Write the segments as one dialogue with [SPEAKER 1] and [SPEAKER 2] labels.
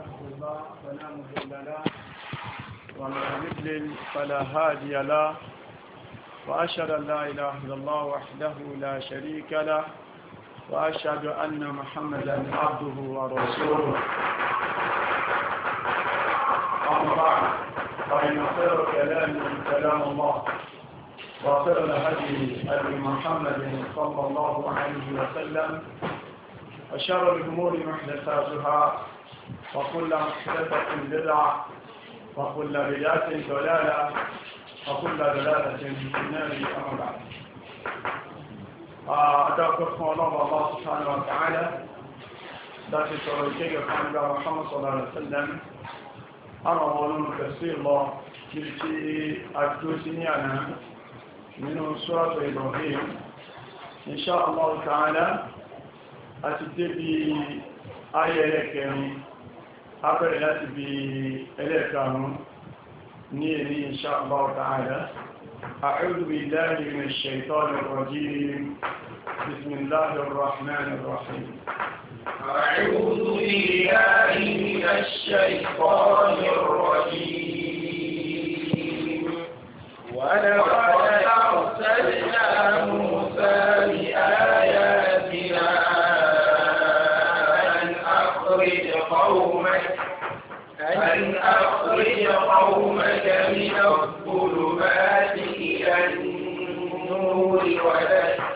[SPEAKER 1] يهد فلا
[SPEAKER 2] مضل له فلا هادي له وأشهد أن لا إله إلا الله وحده لا شريك له وأشهد أن محمدا عبده ورسوله أما بعد فإن خير كلام كلام الله وخير الهدي أبي محمد صلى الله عليه وسلم وشر الأمور محدثاتها وكل محدثة بدعة وكل بدعة ضلالة وكل ضلالة في النار أما بعد أتوقف الله الله سبحانه وتعالى ذات الشريكية محمد محمد صلى الله عليه وسلم أنا أولون تفسير الله تلتي أكتوسني أنا من سورة إبراهيم إن شاء الله تعالى أتدي آية لكريم abẹ̀rẹ̀ láti bí ẹlẹ́ẹ̀kanún ní èrí insha Allah ta'ala a'udhu billahi minash shaitanir rajim bismillahir rahmanir rahim
[SPEAKER 1] a'udhu billahi minash shaitanir rajim wa laqad arsalna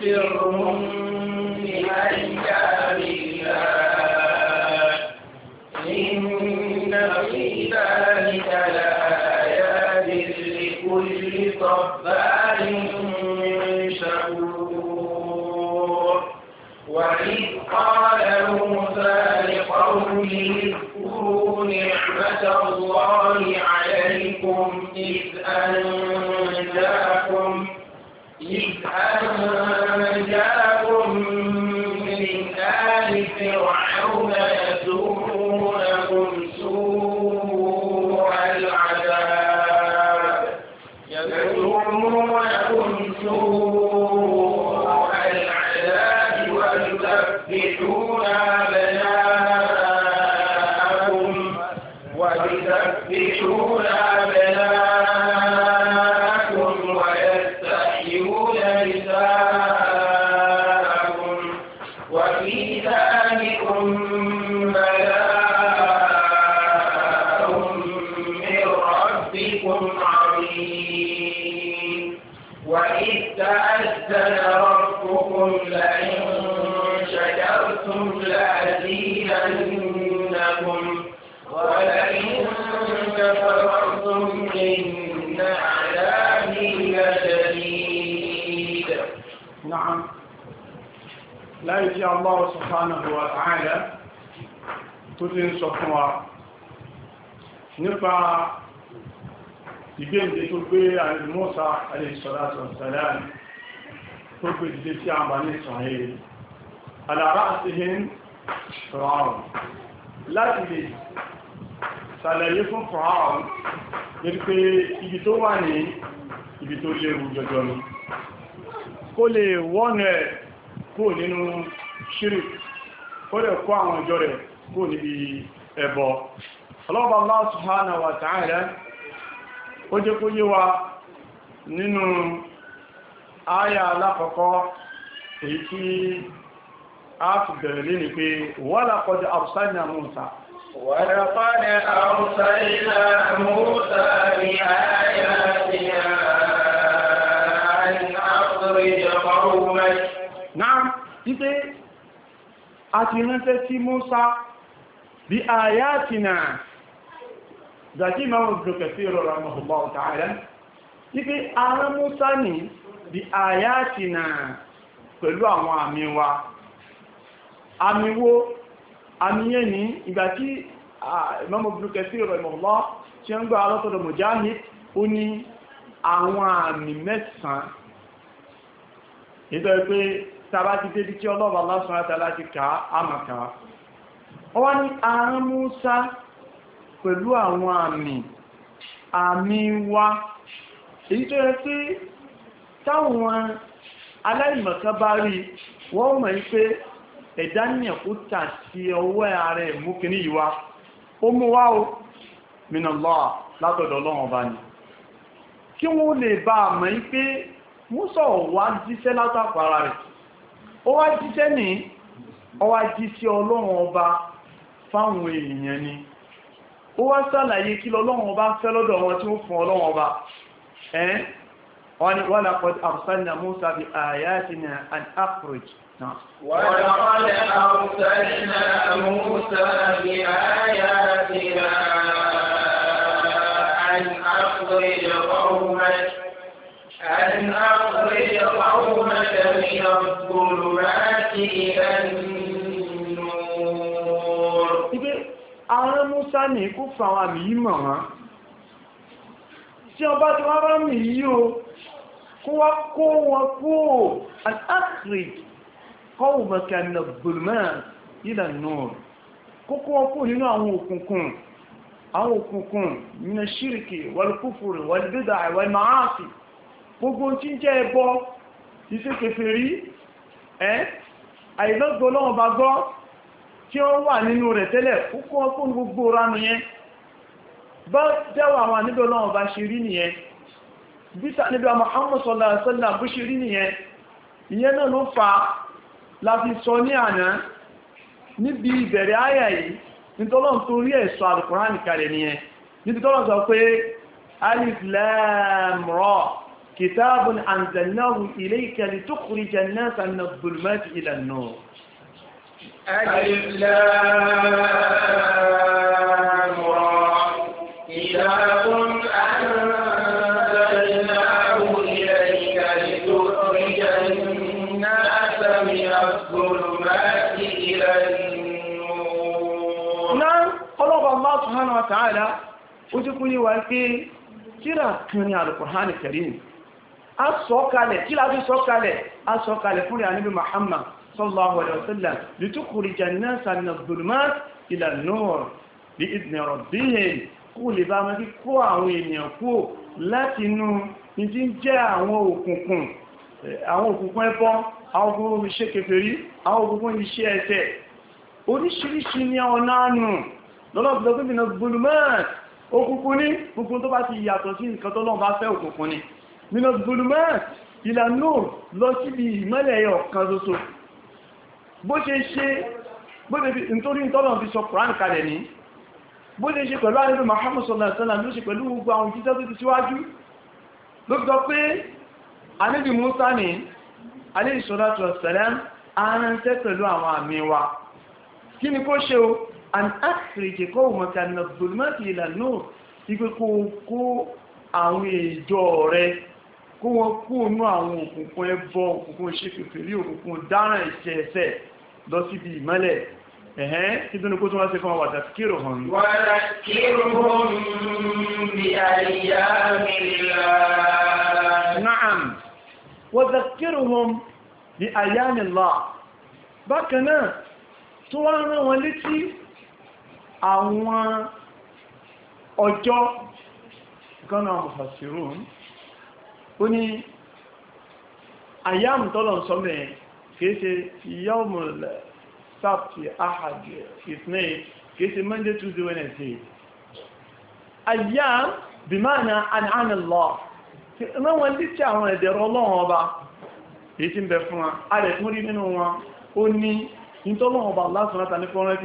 [SPEAKER 1] وذكرهم بأيام الله إن في ذلك لآيات لكل صبار شكور وإذ قال موسى لقومه
[SPEAKER 2] ti ń sọ fún wa nípa ìgbéǹde tó gbé àìmọ́sá àìsọ̀láṣọ̀ sàlẹ̀ tó gbé dìde sí àmbàní ìsànlẹ̀ alára àti hin fìràrùn láti lè sàlẹ̀yé fún fìràrùn ní pé ibi tó wà ní ibi tó léwu jọjọ ni kó lè wọ́n rẹ̀ kó nínú ṣírì kó lè kó àwọn ìjọ rẹ̀ kó níbi ẹbọ ọlọ́ọ̀bá Allah subhanahu wa ta'ala ó jẹ́ kó yé wa nínú àyà alákọ̀ọ́kọ́ èyí tí a fi bẹ̀rẹ̀ lé ní pé wala qad arsalna Musa ولقد أرسلنا موسى بآياتنا
[SPEAKER 1] أن أخرج
[SPEAKER 2] قومك bí ayatina dàkí máa ń dùnkẹ̀ sí ìrọ̀rọ̀ ọmọ ọ̀tàrà wípé ara Musa ní bí ayatina pẹ̀lú àwọn àmì wa àmì wo àmì yẹn ní ìgbà tí ìmọ́mọ̀ dùnkẹ̀ sí ìrọ̀rọ̀ ọmọ tí ó ń gbà alọ́tọ̀dọ̀ Mujahid ó ní àwọn àmì mẹ́sàn wọ́n ní àrán Músá pẹ̀lú àwọn àmì àmì wa èyí tó yẹ pé táwọn aláìmọ̀ká bá rí wọ́n mọ̀ pé ẹ̀dá ní ẹ̀kúta sí ọwọ́ ààrẹ ìmúkìní ìwá ó mú wá o mìnàlọ́ látọ̀dọ̀ lọ́wọ́n bá ní kí wọ́n lè bá mọ̀ pé Músá wá jíṣẹ́ látàkọ̀ rẹ̀ ó wá jíṣẹ́ ní ọwá jíṣẹ́ ọlọ́wọ́n ọba fáwọn èèyàn ni ó wá sàlàyé kí lọ́lọ́wọ́n ọba fẹ́ lọ́dọ̀ wọn tí ó fún ọlọ́wọ́n ọba ẹ́n wọ́n lápọ̀dé wọ́n lápọ̀dé àbúsánà Musa bí ayatina an aprij ọ̀húnmẹ́
[SPEAKER 1] أن أخرج قومك من الظلمات إلى
[SPEAKER 2] àwọn Musa ní kú fún àwọn àmì yìí mọ̀ wọ́n tí ọba tí wọ́n bá mì yí o kó wá kó wọn kó an afric kọ́wù mẹ́kà nà gbòmọ́ ìlà náà kókó wọn kó nínú àwọn òkùnkùn àwọn òkùnkùn nínú ṣírìkì wàlúkúfùrù wàlúbídà wàlúmáàfì gbogbo tí ń jẹ́ ẹbọ ìṣẹ́kẹfẹ́ rí ẹ́ àìlọ́gbọ́ lọ́wọ́ bá gbọ́ tí ó wà nínú rẹ̀ tẹ́lẹ̀ púpọ̀ fún gbogbo ránú yẹn bá jẹ́wà àwọn níbi ọlọ́run bá ṣe rí nìyẹn bíta níbi Muhammad sallallahu alaihi wasallam bó ṣe rí nìyẹn ìyẹn náà ló fa láti sọ ní àná níbi ìbẹ̀rẹ̀ ayà yìí nítọ́lọ́n tó rí ẹ̀sọ́ alùkùránì
[SPEAKER 1] ألف لام را كتاب أنزلناه إليك لتخرج الناس من الظلمات إلى النور
[SPEAKER 2] نعم قلوب الله سبحانه وتعالى ojúkúlé wa pé kíra kan ní Al-Qur'an a sọ kalẹ̀ kí láti sọ kalẹ̀ a sọ kalẹ̀ fún ìrìn àníbí sallallahu alaihi wasallam litukhrijan an-nasa min adh-dhulumati ila an-nur bi idni rabbihim kó lè bá máa kó àwọn ènìyàn kó láti inú ní tí ń jẹ́ àwọn òkùnkùn àwọn òkùnkùn ẹbọ àwọn òkùnkùn iṣẹ́ kèfèrí àwọn òkùnkùn iṣẹ́ ẹ̀ṣẹ̀ oríṣiríṣi ní ọ̀nà àánú lọ́lọ́pìlọ́pìnà gbólùmọ́t òkùnkùn ní gbogbo tó bá ti yàtọ̀ sí nǹkan tó lọ́n bá fẹ́ òkùnkùn ní nínú gbólùmọ́t ìlànà lọ síbi ìmọ́lẹ̀ ọ̀kan ṣoṣo bó ṣe ṣe nítorí tọ́lọ̀ fi sọ Quran kalẹ̀ ní bó ṣe ṣe pẹ̀lú àrílù Muhammad sallallahu alaihi wasallam ló ṣe pẹ̀lú gbogbo àwọn jíjẹ́ tó ti síwájú ló sọ pé ànábì Musa ní alaihi salatu wassalam aránṣẹ́ pẹ̀lú na zulmati ila nur ipé kó kó àwọn ìjọ rẹ̀ kó wọn kó nú àwọn òkùnkùn ẹbọ òkùnkùn ṣe pẹ̀lú òkùnkùn dáràn ìṣẹ̀ẹ̀ṣẹ̀ lọ síbi ìmọ́lẹ̀ ẹ̀hẹ́n tí tó ní kó tó wá sí fún àwàdà kírò hàn ní
[SPEAKER 1] wàdà kírò hàn bí àyà mìlá
[SPEAKER 2] na'am wàdà kírò hàn tó wá rán wọn létí àwọn ọjọ́ gánà mọ̀fàṣírùn ó ní àyà mìtọ́lọ̀ sọ́mẹ̀ẹ́ kìí ṣe yọ́mùlẹ̀ sáàpì ahàjẹ̀ ìsìnẹ̀ kìí ṣe monday tuesday wednesday ayyam bí máa na anàlọ́ náà wọ́n lè ṣe àwọn ẹ̀dẹ̀rọ ọlọ́run ọba èyí tí ń bẹ fún wa a rẹ̀ tún rí nínú wọn ó ní ìtọ́lọ́run ọba lásán láta ní fọ́nrán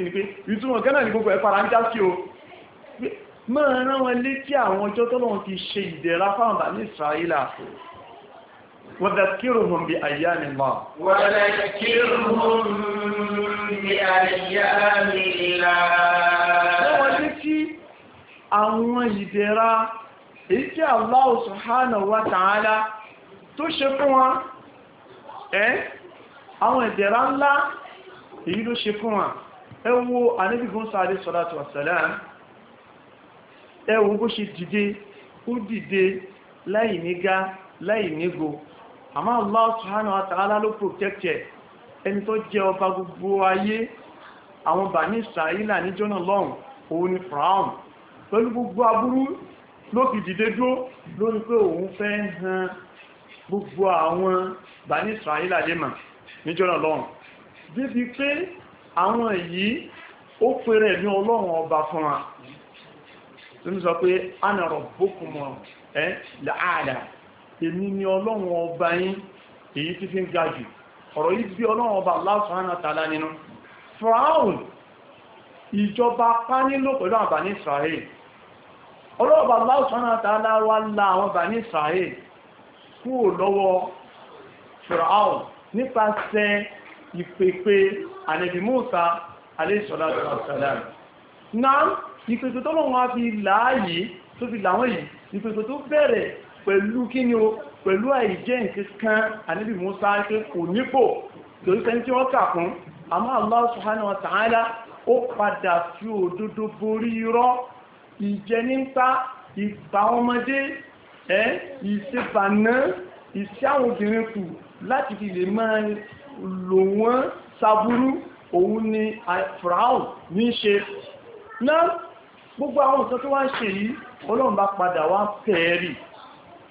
[SPEAKER 2] kí وذكرهم بأيام الله وذكرهم
[SPEAKER 1] بأيام الله wọ́n jẹ́
[SPEAKER 2] kí àwọn ìdẹ̀ra èyí tí Allah subhanahu wa ta'ala tó ṣe fún wa ẹ́ àwọn ìdẹ̀ra ńlá èyí ló ṣe fún wa ẹ wo àníbìgún sáré salatu wa salam bó ṣe dìde ó dìde láì nígá láì nígo àmá Allah subhanahu wa ta'ala ló protect ẹ̀ ẹni tó jẹ ọba gbogbo ayé àwọn bà ní Isra'ila ní jọ́nà lọ́hùn òun ni Firaun pẹ̀lú gbogbo aburú ló fi dìde dúró lórí pé òun fẹ́ han gbogbo àwọn bà ní Isra'ila lè mà ní jọ́nà lọ́hùn débi pé àwọn yìí ó pèrè ní ọlọ́run ọba fún wa tó ń sọ pé èmi ni ọlọ́run ọba yín èyí tí fi ń ga jù ọ̀rọ̀ yìí bí ọlọ́run ọba Allah subhanahu wa ta'ala nínú fraun ìjọba pánílò pẹ̀lú àwọn bàní Israel ọlọ́run ọba Allah subhanahu wa ta'ala wá la àwọn bàní Israel kúrò lọ́wọ́ fraun nípasẹ̀ ìpèpè ànẹ̀bì Mùsá alayhi salatu wassalam náà ìpèpè tọ́lọ́run á fi làá yìí tó fi làwọn yìí ìpèpè tó bẹ̀rẹ̀ pẹ̀lú kí ni o pẹ̀lú àìjẹ́ nǹkan ànábì Musa ń pé kò nípò torí kan tí wọ́n kà fún àmọ́ Allah subhanahu wa ta'ala ó padà fi òdodo borí irọ́ ìjẹ nípa ìgbà ọmọdé ẹ́ ìṣẹ́bàná ìṣẹ́ àwọn obìnrin kù láti fi lè máa lò wọ́n sàbúrú òun ni firaun ní ṣe náà gbogbo àwọn nǹkan tó wá ń ṣe yìí ọlọ́run bá padà wá pẹ̀ẹ́rì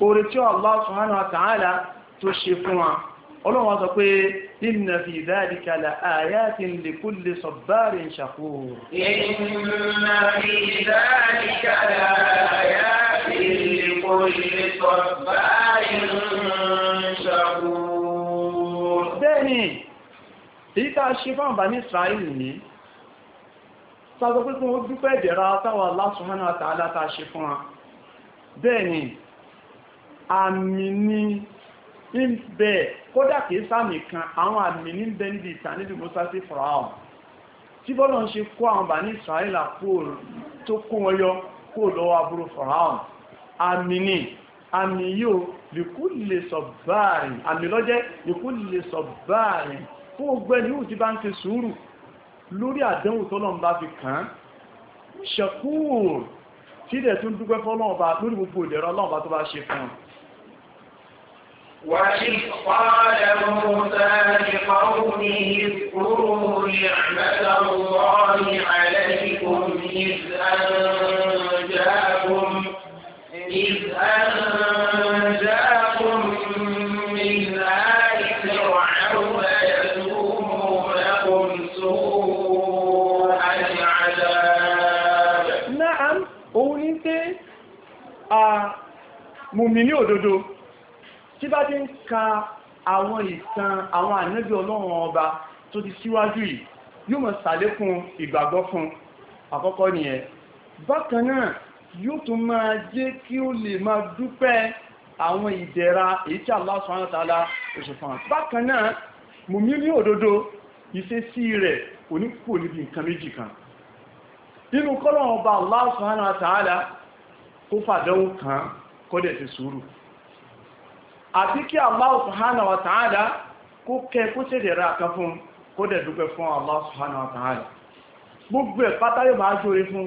[SPEAKER 2] oore tí Allah subhanahu wa ta'ala tó ṣe fún wa ọlọ́run wọ́n sọ pé inna fi dhalika la ayatin li kulli sabbarin shakur inna fi dhalika la ayatin li kulli sabbarin shakur bẹ́ẹ̀ni èyí tá a ṣe fún àbáni ó dúpẹ́ ìdẹ̀ra táwọn Allah subhanahu wa ta ṣe fún wa bẹ́ẹ̀ni àmì ní ìbẹ̀ kódà kìí sàmì kan àwọn àmì ní bẹ níbi ìtàn níbi Musa sí Fáráò tí bọ́lọ̀ ń ṣe kó àwọn bà ní Israẹla tó kó wọn yọ kó lọ́wọ́ aburú Fáráò àmì ní àmì yóò lèkúlè sọ̀báàrin àmì lọ́jẹ́ lèkúlè sọ̀báàrin fún ọgbẹ́ni ó ti bá ń ṣe sùúrù lórí àdánwò tọ́lọ́n bá fi kàn án ṣẹ̀kúrò tí dẹ̀ tún dúpẹ́ fọ́lọ́n bá lórí gbogbo ìdẹ̀rọ ọlọ́run bá tó bá ṣe fún
[SPEAKER 1] وإذ قال موسى لقومه اذكروا نعمة الله عليكم إذ أنجاكم إذ أنجاكم من آل فرعون يسومونكم
[SPEAKER 2] سوء
[SPEAKER 1] العذاب نعم
[SPEAKER 2] قولي آه مؤمنين òdodo tí bá dé ń ka àwọn ìtàn àwọn ànábì ọlọ́run ọba tó ti síwájú yìí yóò mọ̀ sàlékún ìgbàgbọ́ fún àkọ́kọ́ nìyẹn bákan náà yóò tún máa jẹ́ kí ó lè máa dúpẹ́ àwọn ìdẹ̀ra èyí tí Allah subhanahu wa ta'ala òṣùfàn bákan náà mùmí ní òdodo ìṣesí rẹ̀ onípò níbi nǹkan méjì kan nínú kọ́lọ̀ ọba Allah subhanahu wa ta'ala kó fàdánwò kan kọ́dẹ̀ ti sùúrù àti kí Allah subhanahu wa ta'ala kó kẹ kó ṣe dẹ̀ra kan fún kó dẹ̀ dúpẹ́ fún Allah subhanahu wa ta'ala gbogbo ẹ̀ pátá yóò máa jóre fún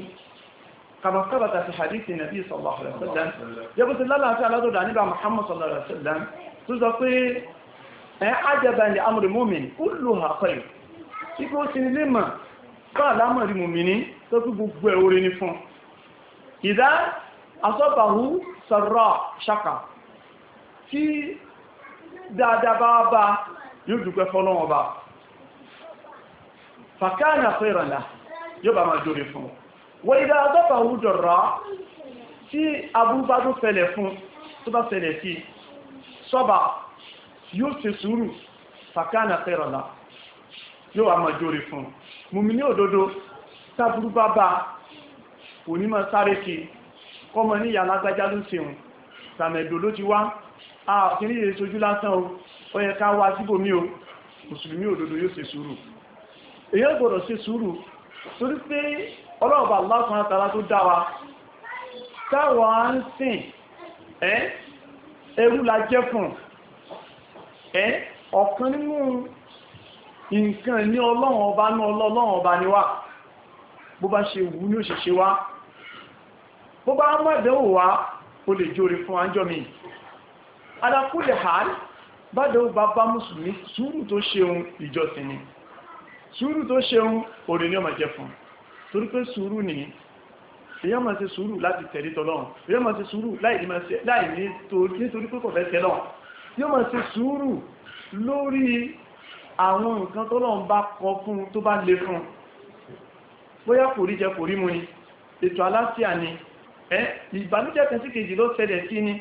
[SPEAKER 2] kama sábàtà sí hadithi nàbí sallallahu alaihi wasallam yẹ́bù sí lálàáfíà alátọ́dà níbà Muhammad sallallahu alaihi wasallam tó sọ pé ẹ̀ ajẹ́bà ní amri mu'min kúlù tí dáadáa bá bá yóò dúpẹ́ fọ́lọ́wọ́ bá fàkánà fẹ́rànlá yóò bá máa jóre fún wọ́n ìdá ọgọ́fà òwúdọ̀ rá tí abúbá tó fẹ́lẹ̀ fún tó bá fẹ́lẹ̀ sí sọ́bà yóò ṣe sùúrù fàkánà fẹ́rànlá yóò wá máa jóre fún àkíní yẹ sojú lásán o ó yẹ ká wá síbò mí o mùsùlùmí òdodo yóò ṣe sùúrù èyàn gbọ́dọ̀ ṣe sùúrù torí pé ọlọ́ọ̀bà lásán àtàrà tó dá wa táwa ń sìn ẹ́ ẹrú la jẹ́ fún ẹ́ ọ̀kan nínú nǹkan ní ọlọ́run ní ọlọ́run ni wá bó bá ṣe wù ní òṣìṣẹ́ wá bó bá mọ́dẹ̀wò wá o lè jórí fún àjọ́ mi alákúlẹ̀ hàn bádọ́ bàbá mùsùlùmí sùúrù tó ṣeun ìjọsìn ni sùúrù tó ṣeun òrè ní ọmọ jẹ fún torí pé sùúrù ni èyàn máa ṣe sùúrù láti tẹ̀lé tọ́lọ́run èyàn máa ṣe sùúrù láì nítorí pé kò fẹ́ tẹ́lọ́run yóò máa ṣe sùúrù lórí àwọn nǹkan tọ́lọ́run bá kọ fún tó bá le fún bóyá kò rí jẹ kò rí mu ni ètò aláfíà ni ìbànújẹ́ kan sí kejì ló ṣẹlẹ̀ sí ni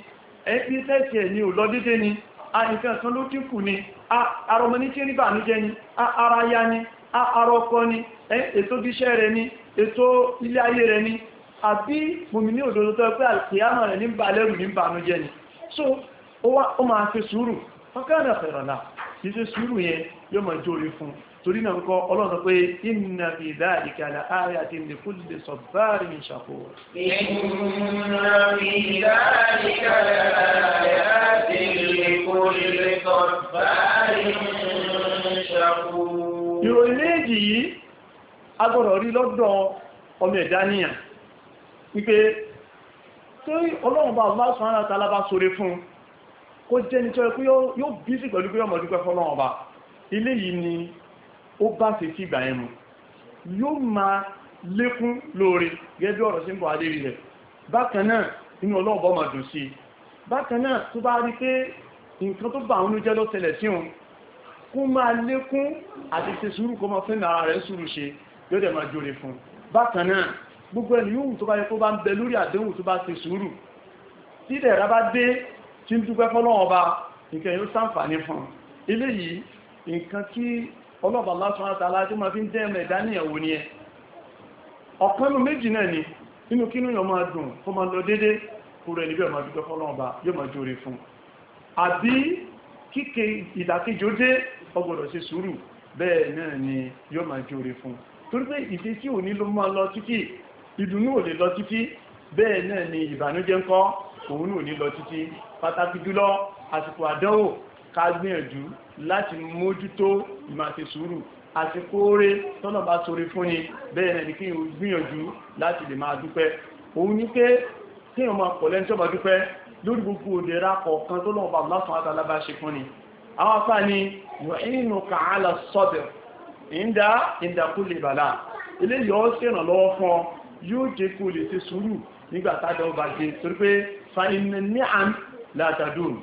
[SPEAKER 2] ẹ̀kí tẹ́sì ẹ̀ ni ò lọ dédé ni a nǹkan kan ló dínkù ni ara ọmọ ní tí rí bà ní jẹ́ ni ara ya ni ara ọkọ ni ètò iṣẹ́ rẹ̀ ni ètò ilé ayé rẹ̀ ni àbí mòmí ní òdòdó tó pé àkìyàmà rẹ̀ ní bà lẹ́rù ní bà ní jẹ́ ni so ó máa fi sùúrù ọkẹ́ torí náà kọ́ ọlọ́run pé iná bí ìdá ìkàlà ààrẹ àti ìlẹ̀kùnlé sọ̀báàrí ìṣàkó ìròyìn méjì yìí agbọ́dọ̀ rí lọ́dọ̀ ọmọ ẹ̀dá níyàn wípé tó ọlọ́run bá ọlá sọ́nà tálábá sóre fún kó jẹ́ nítorí pé yóò bí sí pẹ̀lú pé ọmọ ìdúpẹ́ fọ́lọ́run ọba ilé yìí ni ó bá ṣe sí ìgbà ẹnu yóò máa lékún lóore gẹ́gẹ́ ọ̀rọ̀ sí ń bọ̀ adérí rẹ̀ bákan náà inú ọlọ́ọ̀bọ̀ máa dùn sí bákan náà tó bá rí pé nǹkan tó bá àwọn oúnjẹ ló tẹ̀lẹ̀ sí òun kó máa lékún àti ṣe sùúrù kó máa fẹ́nà ara rẹ̀ sùúrù ṣe yóò dẹ̀ máa jòrè fún bákan gbogbo ẹni yóò tó bá yẹ kó bá ń bẹ lórí àdéhùn tó bá ṣe sùúrù tí ìdẹ̀ra bá dé tí ń dúpẹ́ fọ́lọ́wọ́ nǹkan yóò ṣàǹfààní fún eléyìí nǹkan tí ọlọ́bà lásán àtàlá tí ma fi ń dẹ́ẹ̀mẹ̀ ìdáníyàwó ní ẹ ọ̀kanú méjì náà ni inú kínú yọ máa dùn kó ma lọ dédé kúrò ẹni bí ọmọ dúpẹ́ fọ́lọ́ọ̀bà yóò ma jóre fún àbí kíkẹ ìdàkejò dé ọgbọ̀dọ̀ sí sùúrù bẹ́ẹ̀ náà ni yóò ma jóre fún torí pé ìdí tí ò ní ló máa lọ títí ìdùnnú ò lè lọ títí bẹ́ẹ̀ náà ni ìbànújẹ́ ńkọ́ òun ò ní lọ títí pàtàkì jùlọ àsìkò àdánwò ká gbìyànjú láti mójútó ìmáṣe sùúrù àti kóóré tọ́nà bá sórí fún ni bẹ́ẹ̀ náà ni kí o gbìyànjú láti lè máa dúpẹ́ òun ní pé kí o máa pọ̀lẹ́ tó bá dúpẹ́ lórí gbogbo òdèrà kọ̀ọ̀kan tó lọ́wọ́ bàbá lásán àtàlábá ṣe fún ni àwọn afá ni yọ̀ínù kààlà sọ́bẹ̀ ìndá ìdàkúlè bàlá ilé yọ́ sẹ́rànlọ́wọ́ fún bá jẹ́ fa inna ni'am la tadum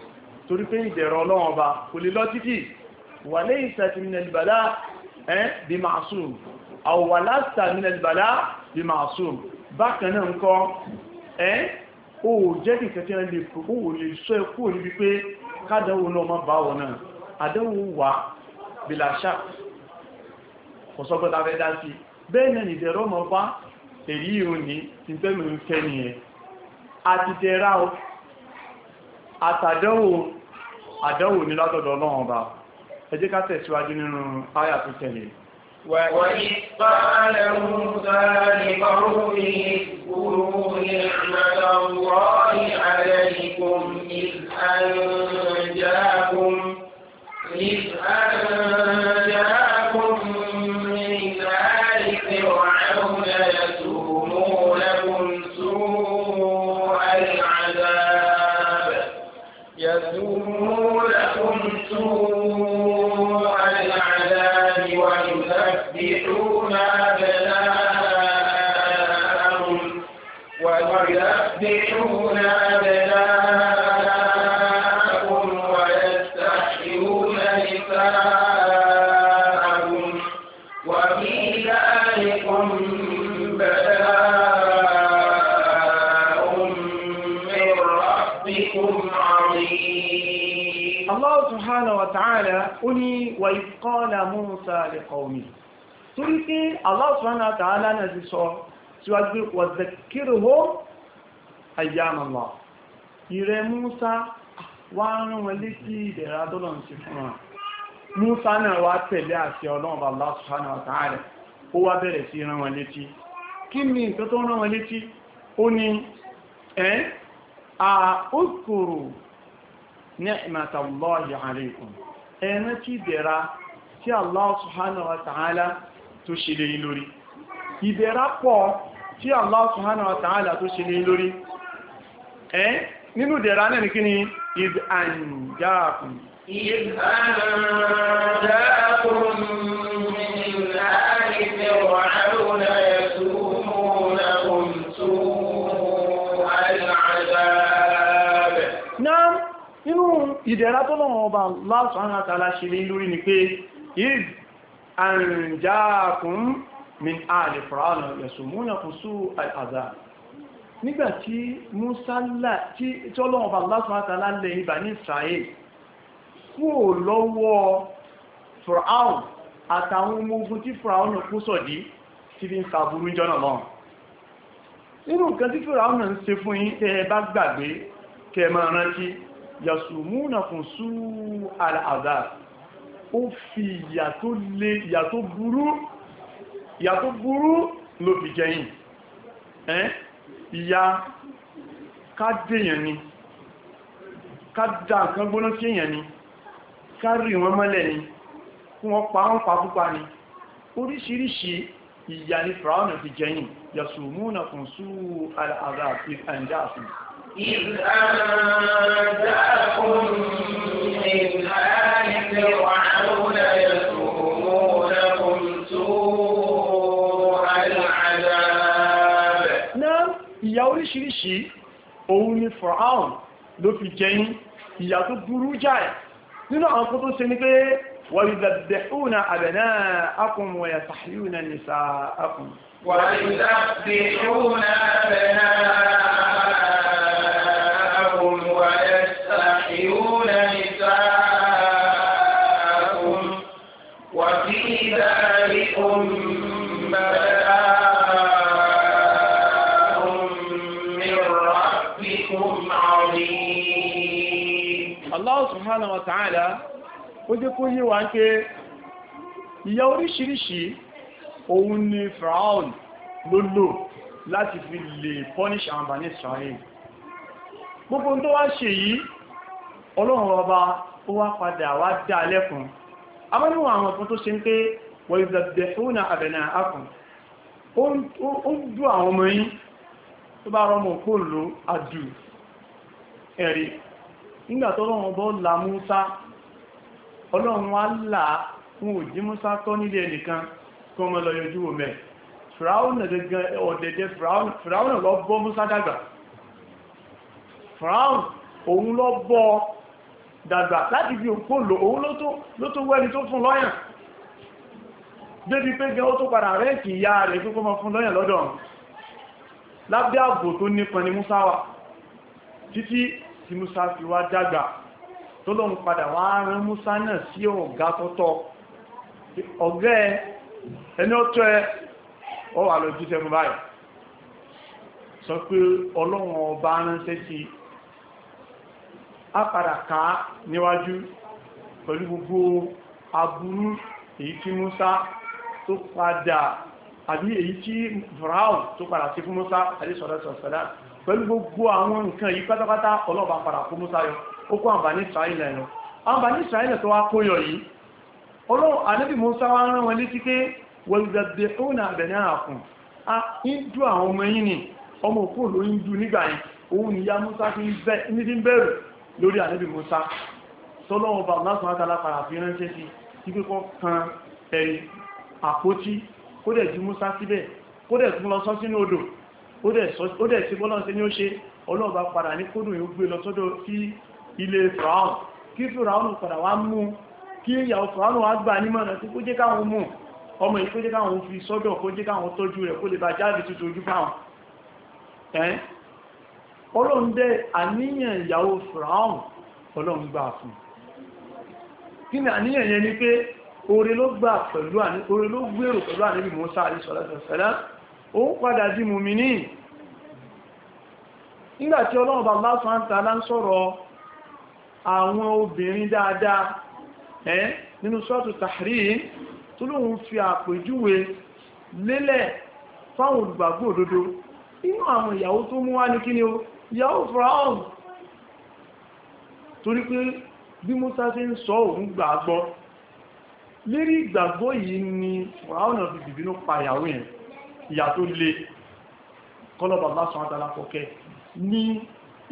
[SPEAKER 2] torí pé ìdẹ̀rọ ọlọ́run ọba kò lè lọ títì wà lé ìsẹ̀tì minẹ̀lìbàlá ẹ́ bí máa sùn àwọ̀wà láta minẹ̀lìbàlá bí máa sùn bákan náà ńkọ́ ẹ́ ó jẹ́ kìkẹ́kẹ́ lè kòkòwò lè sọ ẹkú níbi pé kádánwò náà má bá wọn náà àdánwò wà bìlàṣà kò sọ́gbọ́ta fẹ́ dá sí bẹ́ẹ̀ náà ìdẹ̀rọ ọmọ bá èyí ò ní ti fẹ́ mi ń kẹ́ nìyẹn àti tẹ́ra àtàdánwò àdánwò ní látọ̀dọ̀ ọlọ́run ọba ẹ jẹ́ ká tẹ̀síwájú nínú àyà tó tẹ̀lé
[SPEAKER 1] وإذ قال
[SPEAKER 2] ó ní wà ìkọ́lá Musa lè kọ̀ọ̀mì torí pé Allah subhanahu wa ta'ala náà ti sọ síwájú wà zakirhum ayyam Allah ìrẹ Musa wá rán wọn létí ìdẹ̀ra dọ́lọ̀ sí fún wọn Musa náà wá tẹ̀lé àṣẹ ọlọ́run Allah ní ẹ́ àókòrò ni'matallahi ẹran tí ìbẹ̀ra tí Allah subhanahu wa ta'ala tó ṣe lè lórí ìbẹ̀ra pọ̀ tí Allah subhanahu wa ta'ala tó ṣe lè lórí ẹ́ nínú ìdẹ̀ra náà kí ni ìdàǹjáàkùn ìdẹ̀ra tó lọ́wọ́ ọba Allah subhanahu wa ta'ala ṣe lé lórí ni pé iz anjaakum min ali fir'auna yasumunakum su'al adhab nígbàtí músálà tí tọ́lọ́wọ́ ọba Allah subhanahu wa ta'ala lẹ ìbà ní nínú nǹkan tí fir'aun ń ṣe fún yín gbàgbé kẹ́ máa rántí yasumunakum suu al-azab ó fi ìyà tó le ìyà tó burú ìyà tó burú ló fi jẹyìn ìyà ká dèyàn ni ká dá nǹkan gbóná sí èyàn ni ká rí wọn mọ́lẹ̀ ni kí wọ́n pa wọ́n pa púpa ni oríṣiríṣi ìyà ni fìràwọ̀nà fi jẹyìn yasumunakum suu al-azab ìfẹ̀ǹdà àfihàn إذ من سوء العذاب نعم òun ni ló fi ìyà tó burú jáì nínú àwọn tó ṣe ní pé ويذبحون أبناءكم ويستحيون نساءكم ويذبحون أبناءكم ó jẹ́ kó yé wa pé ìyà oríṣiríṣi òun ni Firaun ló láti fi lè punish àwọn Bani Israel gbogbo tó wá ṣe yìí ọlọ́run ọba ó wá padà wá dá lẹ́kùn amọ́níwọ̀n àwọn ọ̀tún tó ṣe ń pé wọ́n ìzàbẹ̀fúnà àbẹ̀nà akùn ó ń dú la Músá ọlọ́run wá là fún òjí músá tọ́ nílé ẹnìkan kí wọ́n mọ́ lọ yọjú omi ọ̀dẹ̀dẹ̀ fìráún lọ bọ́ músá dàgbà fìráún òun lọ bọ́ dàgbà láti bí òkú lò òun ló tó wẹ́ni tó fún lọ́yàn débi pé gẹ́ ó tó padà rẹ̀ kì ìyá rẹ̀ tó kọ́ mọ́ fún lọ́yàn lọ́dọ̀ lábẹ́ ààbò tó nípa ni músá wà títí tí músá fi wá dàgbà tó ló ń padà wá rán Musa náà sí ọ̀gá tọ́tọ́ ọ̀gá ẹ ẹni ó tọ́ ẹ ọ wà lójú sẹ́nu báyìí sọ pé ọlọ́run ọba ránṣẹ́ sí apàdà ká níwájú pẹ̀lú gbogbo aburú èyí tí Musa tó padà àbí èyí tí Fáráò tó padà sí fún Musa àdísọ̀rẹ́sọ̀sọ̀dá pẹ̀lú gbogbo àwọn nǹkan yìí pátápátá ọlọ́ọ̀bá padà fún Musa yọ kókó àǹbàní ìsìráìlẹ̀ lọ àǹbàní ìsìráìlẹ̀ tó wá kóyọ̀ yìí ọlọ́run ànábì Mùsá wá rán wọn létí pé wẹ̀lùdàbẹ̀kún àbẹ̀ní àkùn a ń dú àwọn ọmọ yìí ni ọmọ òkú ló ń dú nígbà yìí òun ni ya Mùsá fi ń bẹ̀rù lórí ànábì Mùsá tọ́lọ́wọ́ bá lásán átàlá padà fi ránṣẹ́ sí tí pípọ́ kan ẹ̀rí àpótí kó dẹ̀ ju Mùsá síbẹ̀ kó dẹ̀ tún lọ sọ sínú odò ó dẹ̀ sí bọ́lọ́ sí ní ó ṣe ọlọ́ọ̀bá padà ní kódùn yóò gbé lọ sọ́dọ̀ sí ilé fìràún kí fìràún padà wá mú kí ìyàwó fìràún wá gbà nímọ̀nà tí kó jẹ́ káwọn mú ọmọ yìí kó jẹ́ káwọn fi sọ́dọ̀ kó jẹ́ káwọn tọ́jú rẹ̀ kó lè bá jáde tuntun ni àníyàn yẹn ni pé oore ló gbà pẹ̀lú oore ló nígbàtí ọlọ́run bàbá sọ́ńtà lá àwọn obìnrin dáadáa ẹ́ nínú sọ́tù tàrí tó lóun fi àpèjúwe lélẹ̀ fáwọn olùgbàgbọ́ òdodo inú àwọn ìyàwó tó mú wá ní kí ni o ìyàwó fúráhùn torí pé bí Musa ṣe ń sọ òun gbàgbọ́ lérí ìgbàgbọ́ yìí ni fúráhùn fi bìbínú pa ìyàwó yẹn ìyà tó le kọ́lọ̀ bàbá sọ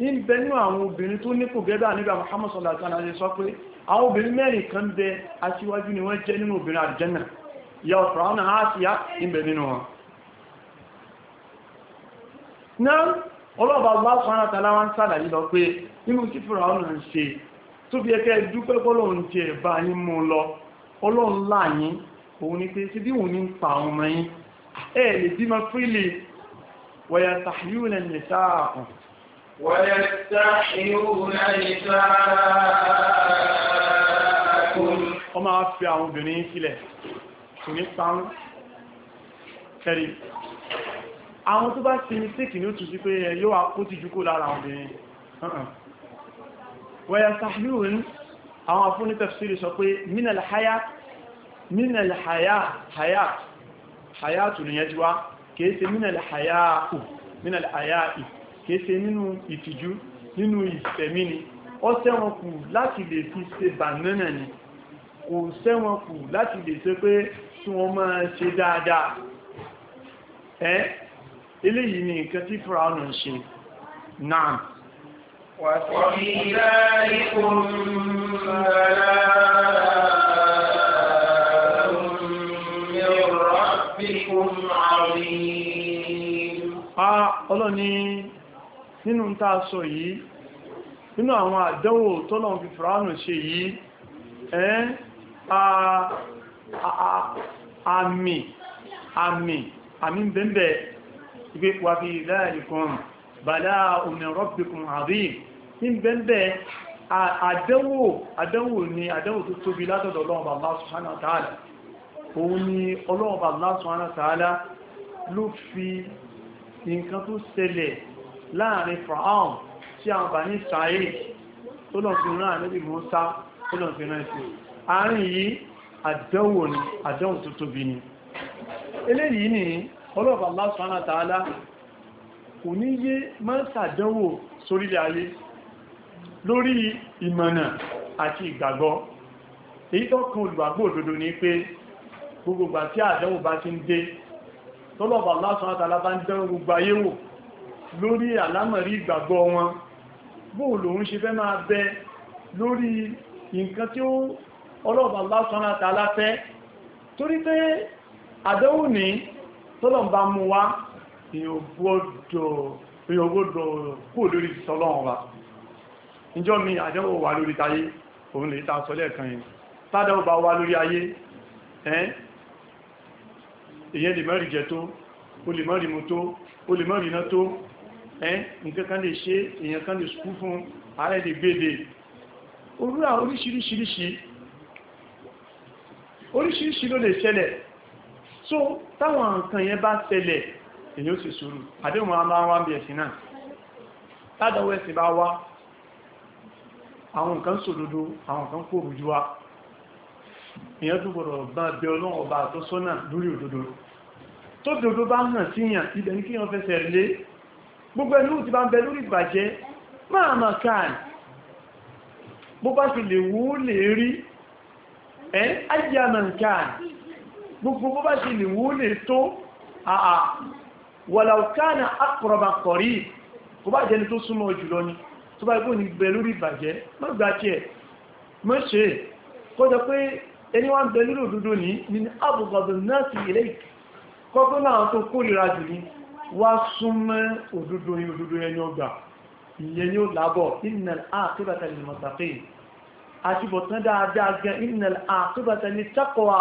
[SPEAKER 2] ń bẹ nínú àwọn obìnrin tó nípò gẹ́gbà nígbà Muhammad sallallahu alaihi wasallam sọ pé àwọn obìnrin mẹ́rin kan bẹ aṣíwájú ni wọ́n jẹ́ nínú obìnrin àjẹ́nà ìyá ọ̀fàánà àásíyá ń bẹ nínú wọn náà ọlọ́ọ̀bà aláṣọ́nà tàláwà ń sàlàyé lọ pé nínú tí fúra ọ̀nà ń ṣe tó bí ẹkẹ́
[SPEAKER 1] ويستحيون نساءكم
[SPEAKER 2] وما في àwọn obìnrin sílẹ̀ ní pàún kẹrì àwọn tó bá ti ní síkì ní òtù sí pé yóò wà kó ti jùkú lára àwọn obìnrin wọ́yẹ̀ sàhírùn àwọn afúnni tafsiri sọ pé minal haya minal haya haya haya tùnìyànjúwá kìí ṣe minal haya ù minal haya ì kéèṣe nínú ìtìjú nínú ìfẹ̀mí ni ó sẹ́wọ̀n kù láti lè fi ṣe bàmínà ni kò sẹ́wọ̀n kù láti lè ṣe pé tí wọ́n máa ṣe dáadáa ẹ́ eléyìí ni nǹkan tí fúráùn ń ṣe náà
[SPEAKER 1] wàtí
[SPEAKER 2] ọlọ́ni nínú tá a sọ yìí nínú àwọn àdánwò tọ́lọ̀n fi fìránù ṣe yìí ẹ́n àmì àmì àmì bẹ̀m̀bẹ̀ ìgbé wàbí láàrínkùn bàlá òmìn rọ́pìkùn àríyìn ní bẹ̀m̀bẹ̀ àdánwò àdánwò ni àdánwò tó tóbi látọ̀dọ̀ ọlọ́ọ̀bà Allah subhanahu wa ta'ala òun ni nǹkan tó ṣẹlẹ̀ láàrin Fáráò tí àwọn bà ní Israel tó lọ fi rán àníbì Mùsá tó lọ fi rán ẹ̀sì àárín yìí àdánwò ni àdánwò tó tóbi ni eléyìí ni ọlọ́ọ̀bà Allah subhanahu wa ta'ala kò ní yé máa sàdánwò sórílẹ̀ ayé lórí ìmọ̀nà àti ìgbàgbọ́ èyí tó kan olùgbàgbọ́ òdodo ni pé gbogbogbà tí àdánwò bá ti ń dé tọ́lọ̀bà Allah subhanahu bá ń dánwò gbogbo ayé wò lórí àlámọ̀rí ìgbàgbọ́ wọn bóò lòun ṣe fẹ́ máa bẹ lórí nǹkan tí ó ọlọ́ọ̀bàbá sọ́nà tààlá fẹ́ torí pé àdánwò ní tọ́lọ̀mbá mú wá ìyọ̀gbọ́dọ̀ kú lórí sọ́lọ́run wa ìjọ́ mi àdánwò wà lórí tayé òun lè ayé èyẹ́ lè mọ́rì jẹ tó o lè mọ́rì mú tó o lè mọ́rì iná tó nǹkan kan lè ṣe èèyàn kan lè sùkú fún ààrẹ lè gbèdè orúra oríṣiríṣiríṣi oríṣiríṣi ló lè ṣẹlẹ̀ so táwọn nǹkan yẹn bá ṣẹlẹ̀ èyàn ó sì sùúrù àdéhùn amáwá bí ẹ̀sìn náà tádọ̀wọ́ ẹ̀sìn bá wá àwọn nǹkan sòdodo àwọn nǹkan kò rújú wá èyàn tó gbọ́dọ̀ bá bẹ ọlọ́run ọba àtọ́sọ́nà lórí òdodo tó dodo bá hàn síyàn ibẹ̀ ní kíyàn fẹsẹ̀ lé gbogbo ẹnu ti bá ń bẹ lórí ìbàjẹ́ máa ma káàn bó bá fi lè wú lè rí ẹ́ ajíyàmà káàn gbogbo bó bá fi lè wú lè tó àà wàlàukánà akọrọba kọ̀rí kò bá jẹni tó súnmọ́ jùlọ ni tó bá ikú ní bẹ lórí ìbàjẹ́ mọ́gbà tí ẹ̀ mọ́ ṣe kọjọ pé ẹni wá ń bẹ lórí òdodo ní ní abùgbàdùn náà sí ilé ìkọ́gbọ́n náà tó kórìíra jù ní wá súnmọ́ òdodo yìí òdodo ẹni ọgbà ìyẹn ni ó lábọ̀ innal aqibata lil muttaqin àtibọ̀tán dáadáa gan innal aqibata lit taqwa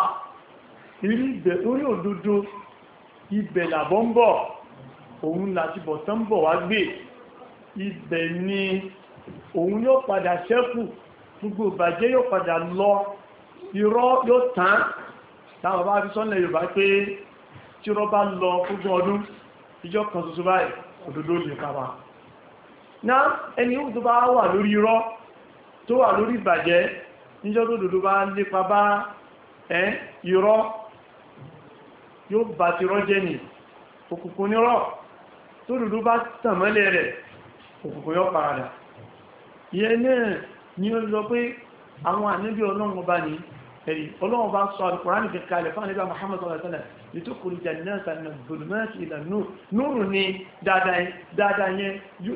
[SPEAKER 2] ìrí ìbẹ̀ orí òdodo ibẹ̀ làbọ̀ ń bọ̀ òun làtibọ̀tán bọ̀ wá gbé ibẹ̀ ni òun yóò padà ṣẹ́kù gbogbo ìbàjẹ́ yóò padà lọ irọ́ yóò tán táwọn bá fi sọ́nà Yorùbá pé tí irọ́ bá lọ fógún ọdún ìjọ kan ṣoṣo báyìí òdòdó lè pàpà náà ẹni ó tó bá wà lórí irọ́ tó wà lórí ìbàjẹ́ níjọ tó dòdó bá lépa bá ẹ́ irọ́ yóò bá ti rọ́ jẹ́ nì òkùnkùn nírọ́ tó dòdó bá tàn mọ́lẹ̀ rẹ̀ òkùnkùn yọ parada ìyẹn náà ni ó lọ pé àwọn àníbí ọlọ́run bá ní ẹ̀rí ọlọ́run bá sọ àdùkùránì kẹkàlẹ̀ Muhammad sallallahu alaihi ìtòkùrù jàdínàṣà nà bùnmọ́sí ìlà núrù ní dáadáa yẹn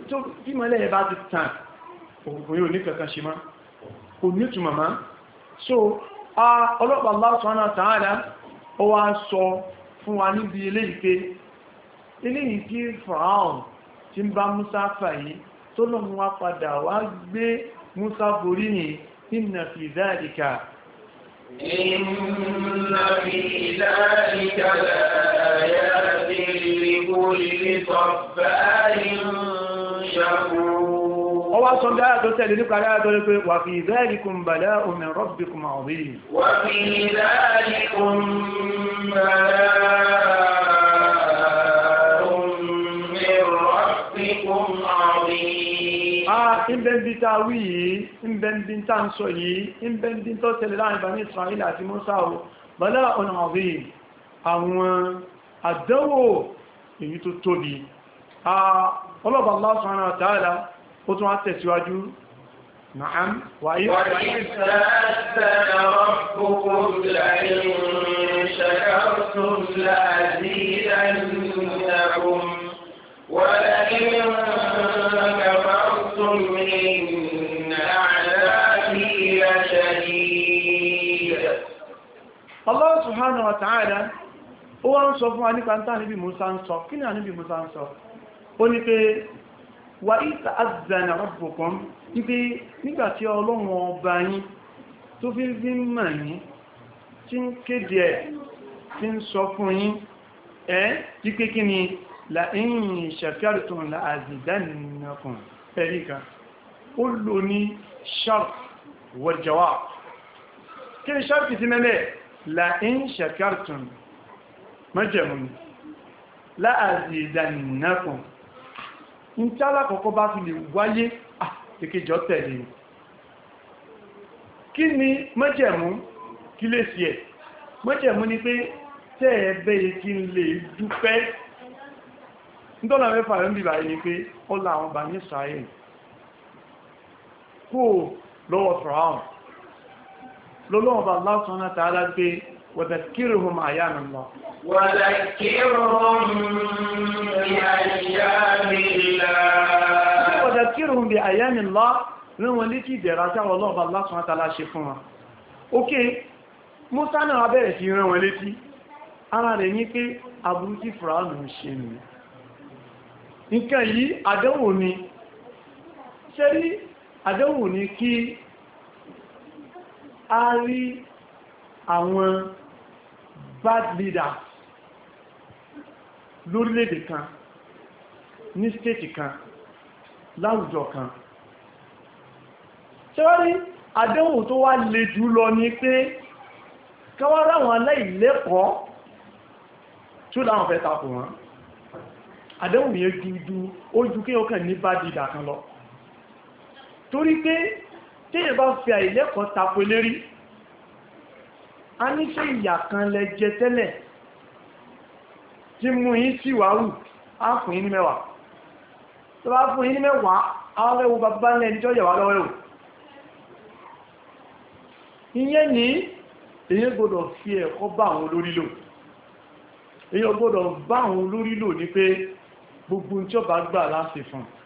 [SPEAKER 2] tó tí mọ́lẹ̀ ẹ̀ bá ti tàn òkùnkùn yóò ní kankan ṣe má kò ní túnmọ̀ má so ọlọ́pàá Allah subhanahu wa ta'ala ó wá sọ fún wa níbi eléyìí pé eléyìí tí fàáhùn tí ń bá Musa fà
[SPEAKER 1] إن في ذلك لآيات لكل صبار
[SPEAKER 2] شكور. وفي ذلك بلاء من ربكم عظيم. وفي
[SPEAKER 1] ذلك بلاء
[SPEAKER 2] ìbẹ̀mbíta wí yìí ìbẹ̀mbíta ń sọ yìí ìbẹ̀mbíta tẹ̀lẹ̀ láàrin bá ní Israel àti Musa o bọ́lá ọ̀nà ọ̀rí àwọn àdánwò èyí tó tóbi ọlọ́bà Allah subhanahu wa ta'ala ó wá ń sọ fún wa nípa ń tàà níbi Musa ń sọ kí ni à níbi Musa ń sọ ó ní pé wà ìta azana rabbukum ní pé nígbàtí ọlọ́run ọba yín tó fi fi ń mọ̀ yín tí ń kéde ẹ̀ tí ń sọ fún yín ẹ́ tí shakartum la'azidannakum ẹ̀ríkà ó lò ní wal jawab kí ni ti mẹ́lẹ̀ la'in shakartun mọ́jẹ̀mùn láàzìdánìnàkùn ní tí alákọ̀ọ́kọ́ bá fi lè wáyé àkèkèjọ tẹ̀lé kí ni mọ́jẹ̀mú kí lè sí ẹ̀ mọ́jẹ̀mú ni pé tẹ́ẹ̀bẹ́ kí n lè dúpẹ́ nítọ́nà rẹ̀ ń bíbà yìí ni pé ọlá àwọn bà ní sàáyẹ̀ kó lọ́wọ́ lọ́lọ́wọ́ bá Allah subhanahu wa ta'ala pé وذكرهم أيام الله
[SPEAKER 1] وذكرهم بأيام الله
[SPEAKER 2] وذكرهم بأيام الله ní wọn lé kí ìdẹ̀ra tí àwọn ọlọ́ọ̀bá lásán àtàlá ṣe fún wọn ok Mùsá náà bẹ̀rẹ̀ sí rán wọn létí ara rẹ̀ ní pé aburú tí ṣe ni a rí àwọn bad leaders lórílẹ̀-èdè kan ní stéètì kan láwùjọ kan ṣẹ́wárí àdéhùn tó wá le jù lọ ní pé káwá ráwọn aláìlẹ́kọ̀ọ́ tí ó láwọn fẹ́ tapò wọn àdéhùn yẹn jùjú ó jù kí ó kàn ní bá dìdà kan lọ torí pé tíyẹ̀ bá fi àìlẹ́kọ̀ọ́ tapo lérí a ní ṣe ìyà kan lẹ jẹ tẹ́lẹ̀ tí mú yí sí wàhù á fún yí ní mẹ́wàá tó bá fún yí ní mẹ́wàá àwọn ẹwọ bàbá lẹ ní jọ́yẹ̀wà lọ́wọ́ ẹ̀wò bá bá àwọn olórí lò ní pé gbogbo ìjọba gbà láti fún un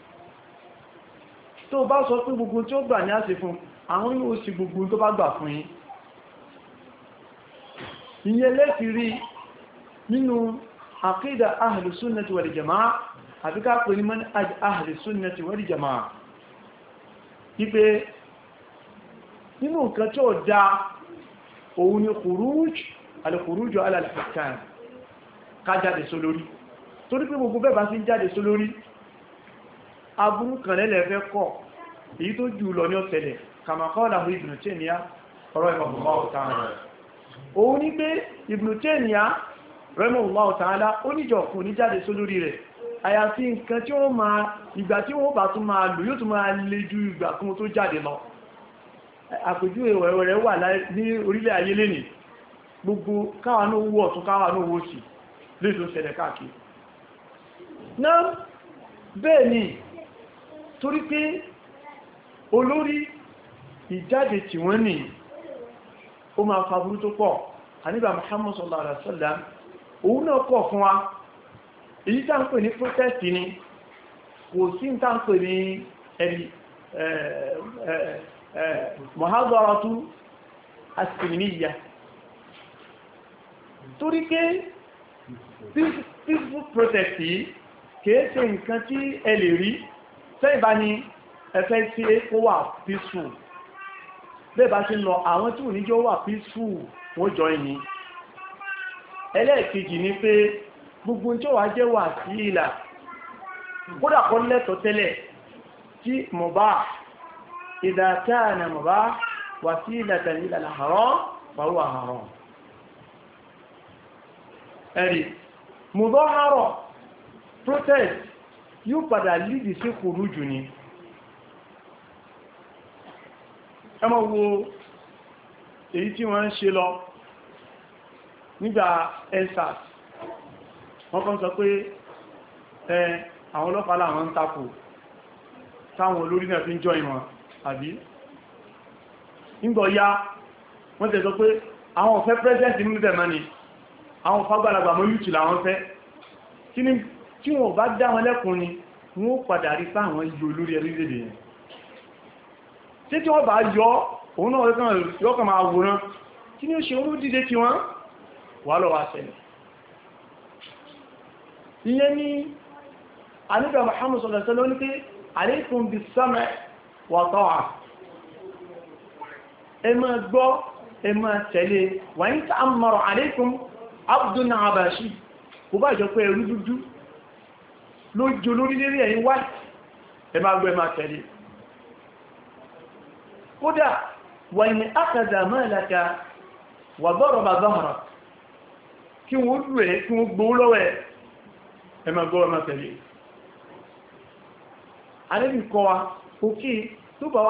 [SPEAKER 2] tó bá sọ pé gbogbo tí ó gbà ní àṣì fún àwọn yóò sì gbogbo tó bá gbà fún yín ìyẹn lẹ́sì rí nínú àkídà ahlu sunnati wal jamaa àti ká pè ní mọ́n ahlu sunnati wal wípé nínú nǹkan tí ó dá òun ni kùrúj alìkùrújù alàlìfẹ̀kàn aburú kan lẹ́lẹ̀ fẹ́ kọ́ èyí tó jù lọ ní ọ̀tẹ̀lẹ̀ kàmàkọ́lá Ibn Taymiyyah ọ̀rọ̀ ìmọ̀bùnmáwò tààlà òun ní pé Ibn Taymiyyah rẹ́mọ̀bùnmáwò tààlà ó níjọ kò ní jáde sólórí rẹ̀ àyàfi nǹkan tí ó máa ìgbà tí wọ́n bá tún máa lò yóò tún máa le ju ìgbà kún tó jáde lọ àpèjú ẹ̀wẹ̀ rẹ̀ wà ní orílẹ̀ ayé lẹ́nì gbogbo káwà náà wọ́ ọ̀tún káwà náà wọ́ sí lè tó ṣẹlẹ̀ káàkiri náà bẹ́ẹ̀ ni torí pé olórí ìjáde tí wọ́n ní ó máa fàbúrú tó pọ̀ àníbà Muhammad sallallahu alaihi wasallam òun náà kọ̀ fún wa èyí tá ń pè ní protest ni kò sí ń tá ń pè ní ẹ̀rì mọ̀háàdọ́rọ̀tú asìmìníyà torí pé peaceful protest yìí kìí nǹkan tí ẹ lè rí tẹ́yìn bá ní ẹfẹ́ tí ó wà peaceful bẹ́ẹ̀ bá ti lọ àwọn tí ò ní jẹ́ wà peaceful wọ́n jọ yìí ẹlẹ́ẹ̀kejì ni pé gbogbo tí ó wà jẹ́ wà sí ìlà kódà kọ́ lẹ́tọ̀ tẹ́lẹ̀ tí mọ̀bá ìdàtàna mọ̀bá protest yóò padà lídì sí kòrò jù ní ẹmọ wo èyí tí wọ́n ń ṣe lọ nígbà ensars wọ́n kàn sọ pé ẹ àwọn ọlọ́pàá làwọn ń takò táwọn olórí náà fi ń jọ ìmọ̀ àbí nígbọ̀ ya wọ́n tẹ̀ sọ pé àwọn ọ̀fẹ́ president nínú tẹ̀mọ́ ni àwọn fagbàlagbà mọ́ yútù làwọn fẹ́ kí ni tí wọ́n bá dá wọn lẹ́kùn ni wọ́n padà rí sáwọn yìí olórí ẹ̀rílẹ̀-èdè yẹn tí tí wọ́n bá yọ òun náà lọ́kàn máa wòrán tí ní ó ṣe orú dídé kí wọ́n wà lọ́wọ́ àṣẹlẹ̀ ìyẹn ni kò bá jọ pé ẹrú dúdú ló jò lórí lérí ẹ̀yìn wáyé ẹ máa gbé máa tẹ̀lé kódà wà ní àkàdà mọ́ẹ̀láka wà bọ́rọ̀ bàbá ọ̀rọ̀ kí wọ́n lù ẹ́ kí wọ́n gbówó lọ́wọ́ ẹ̀ ẹ máa gbọ́rọ̀ máa tẹ̀lé arẹ́bìkọ́ wa òkè tó bá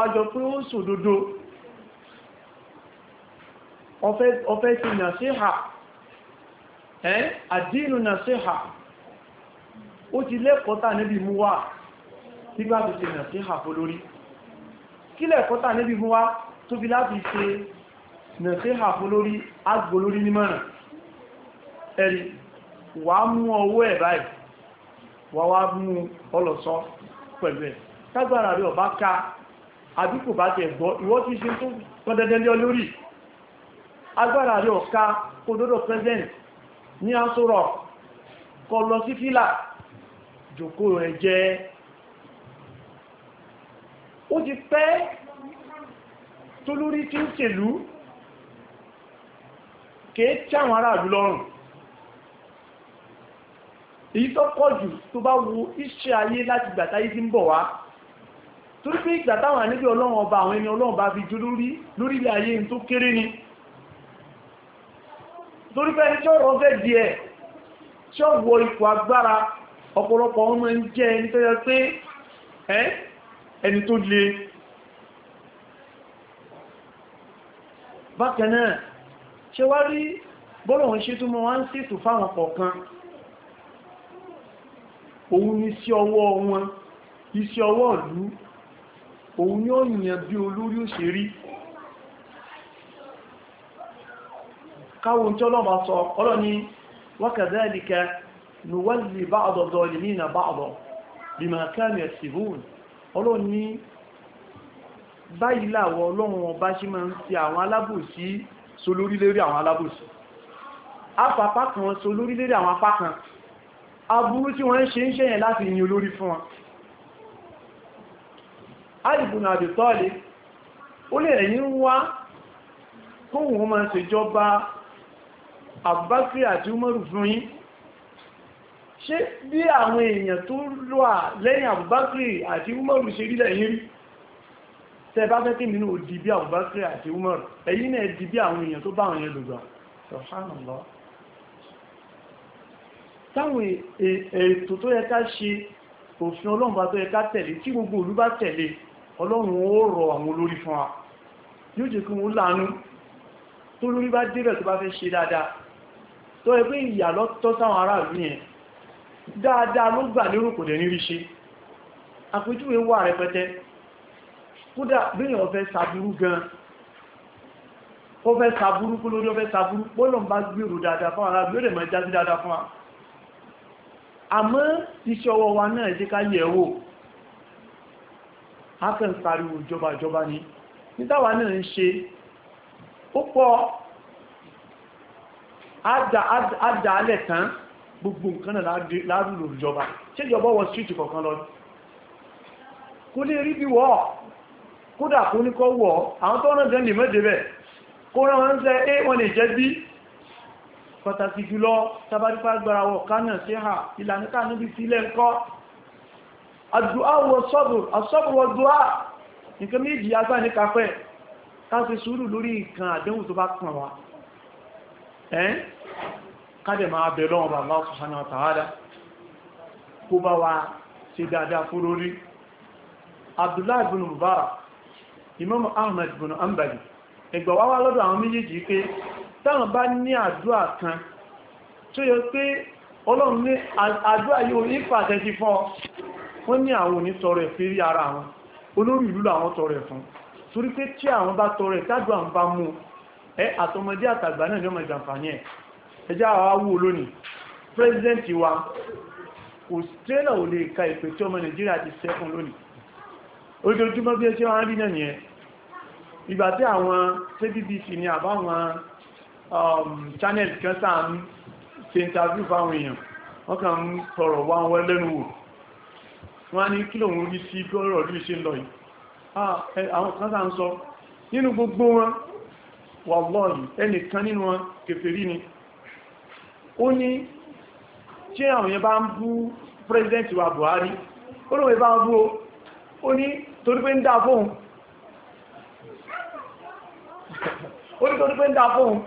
[SPEAKER 2] ẹ́ àdínú nà ó ti lẹ́kọ́ta níbi mú wá nígbà tó ti nà sí àfó lórí kí lẹ́kọ́ta níbi mú wá tó fi láti ṣe nà sí àfó lórí agbò lórí nímọ̀ràn ẹ̀rì wà mú ọwọ́ ẹ̀ báyìí wà wá mú ọlọ́sọ pẹ̀lú ẹ̀ tágbàrà rẹ̀ ọ̀bá ká agbára rẹ̀ ọ̀ká kòdódó present ní asọ́rọ̀ kọ lọ sí fílà ìjòkó rẹ̀ jẹ́ ó ti pẹ́ tó lórí tí ń tèlú kèé tí àwọn aráàlú lọ́rùn èyí tó pọ̀ jù tó bá wo iṣẹ́ ayé láti gbàtà yìí ti ń bọ̀ wá torí pé ìgbà táwọn àníbí ọlọ́run ọba àwọn ẹni ọlọ́run bá fi jú lórí lórílẹ̀ ayé tó kéré ni torí pé ẹni tí ọ̀rọ̀ fẹ́ di ẹ̀ tí ó ipò agbára ọ̀pọ̀lọpọ̀ ọmọ ń jẹ́ ẹni tó yẹ pé ẹni tó le bákanáà ṣe wá rí bọ́lọ̀wọ̀n ṣe tó mọ́ wá ń sètò fáwọn kọ̀ọ̀kan òun ni sí ọwọ́ wọn iṣẹ́ ọwọ́ ìlú òun ni ó yìnyàn bí olórí òṣèrí káwọn tí ọlọ́mà nuwalli ba'd adh-dhalimina ba'd bima kanu yaksibun ọlọ́run ní báyìí làwọ ọlọ́run ọba ṣe máa ń fi àwọn alábòsí so lórílérí àwọn alábòsí apapá kan so lórílérí àwọn apá kan aburú tí wọ́n ń ṣe ń láti yin olórí fún wọn alìbùn àti umaru fún yín ṣé bí àwọn èèyàn tó lọ́à lẹ́yìn àbúbákìrì àti umaru ṣe rí lẹ́yìn rí tẹ bá fẹ́ kí nínú òdì bí àbúbákìrì àti umaru ẹ̀yìn náà di bí àwọn èèyàn tó bá àwọn èèyàn lògbà subhanallah táwọn e, e, ètò tó yẹ ká ṣe òfin ọlọ́run bá tó yẹ ká tẹ̀lé tí gbogbo ìlú bá tẹ̀lé ọlọ́run ìyà lọ́tọ́ sáwọn aráàlú yẹn dáadáa ló gbà lérò kò dẹ̀ ní rí ṣe àpèjúwe wà rẹpẹtẹ kódà béèyàn fẹ́ sàbúrú gan ó fẹ́ sàbúrú kó lórí ó fẹ́ sàbúrú pọ́lọ̀ ń bá gbèrò dáadáa fún ara lórí ẹ̀mọ́ jásí dáadáa fún wa àmọ́ iṣẹ́ ọwọ́ wa náà jẹ́ ká yẹ̀ wò a fẹ́ ń pariwo ìjọba ìjọba ni nítawà náà ń ṣe ó pọ̀ àdà alẹ̀ tán gbogbo nǹkan náà lárúlò ìjọba ṣé ìjọba wọ síìtì kọ̀ọ̀kan lọ kó lè rí bí wọ́ kódà kó ní kọ́ wọ́ àwọn tó rán jẹ́ lè mẹ́dẹ bẹ̀ kó rán wọn jẹ́ a wọn lè jẹ́ bí pàtàkì jùlọ tabarípa gbára wọ kánà sí ha ìlànà ká níbi sílẹ̀ ńkọ́ àdúà wọ sọ́bù àsọ́bù wọ dùá nǹkan méjì agbá ní kafẹ́ ká fi sùúrù lórí nǹkan àdéhùn kádẹ̀ máa bẹ̀ lọ́wọ́ Allah subhanahu wa ta'ala kó bá wa ṣe dáadáa fún lórí Abdullahi bin Mubarak Imam Ahmed bin Ambali ẹgbà wá wá lọ́dọ̀ àwọn méjèèjì pé táwọn bá ní àdúrà kan tó yẹ pé Ọlọ́run ní àdúrà yóò ní pàtẹ́sí fún ọ wọ́n ní àwọn òní tọrọ ẹ̀fẹ́ rí ara wọn olórí ìlú làwọn tọrọ ẹ̀ fún torí pé ẹjá àwáwú olónìí president wa kò tẹ́lẹ̀ ò lè ka ìpè tí ọmọ Nàìjíríà ti sẹ́kùn lónìí ojoojúmọ́ bí ẹjẹ́ wọ́n rí náà yẹn ìgbà tí àwọn cbbc ni àbáwọn um, channel kan sáà ń ṣe interview fáwọn èèyàn wọ́n kàn ń sọ̀rọ̀ wá wọn lẹ́nu wò wọ́n ní kí lòun rí sí gbọ́rọ̀ orí ṣe lọ yìí àwọn kan sáà ń sọ nínú gbogbo wọn wà lọ́yìn ẹnìkan nínú wọn kèfèrí ni ó ní tí àwọn èèyàn bá ń bú president wa Buhari ó lóun bá ń bú ó ní torí pé ń dá fóun ó ní torí pé ń dá fóun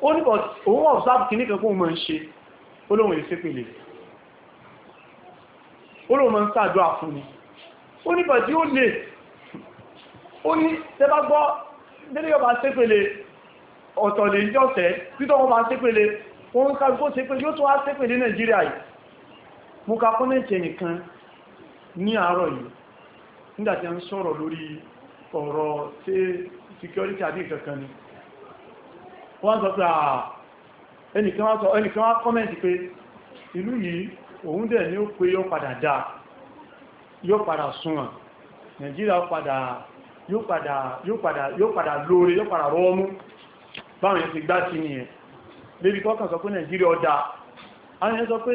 [SPEAKER 2] ó ní òun ọ̀sáàbù kì níkan fóun máa ń ṣe olóhun èsì pèlè olóhun máa ń sàdọ́ àfún ni ó ní bàtí ó lè ó ní tẹbá gbọ́ délé ọba sépèlè ọ̀tọ̀lẹ̀ ìjọ́sẹ̀ títọ́ wọn bá sépèlè wọ́n ń kàrùkó ṣe pé yóò tó wá ṣe ní Nàìjíríà yìí mú ká kọ́mẹ̀ntì ẹnìkan ní àárọ̀ yìí nígbàtí a ń sọ̀rọ̀ lórí ọ̀rọ̀ tí security àbí kankan ni wọ́n sọ pé ẹnìkan wá kọ́mẹ̀ntì pé ìlú yìí òun dẹ̀ ní ó pé yóò padà dá yóò padà súnmọ̀ Nàìjíríà yóò padà lóore yóò padà rọ́ọ́mú báwọn yẹn ti gbá sí nìyẹn débi kọ́kàn sọ pé Nàìjíríà ọjà àwọn èèyàn sọ pé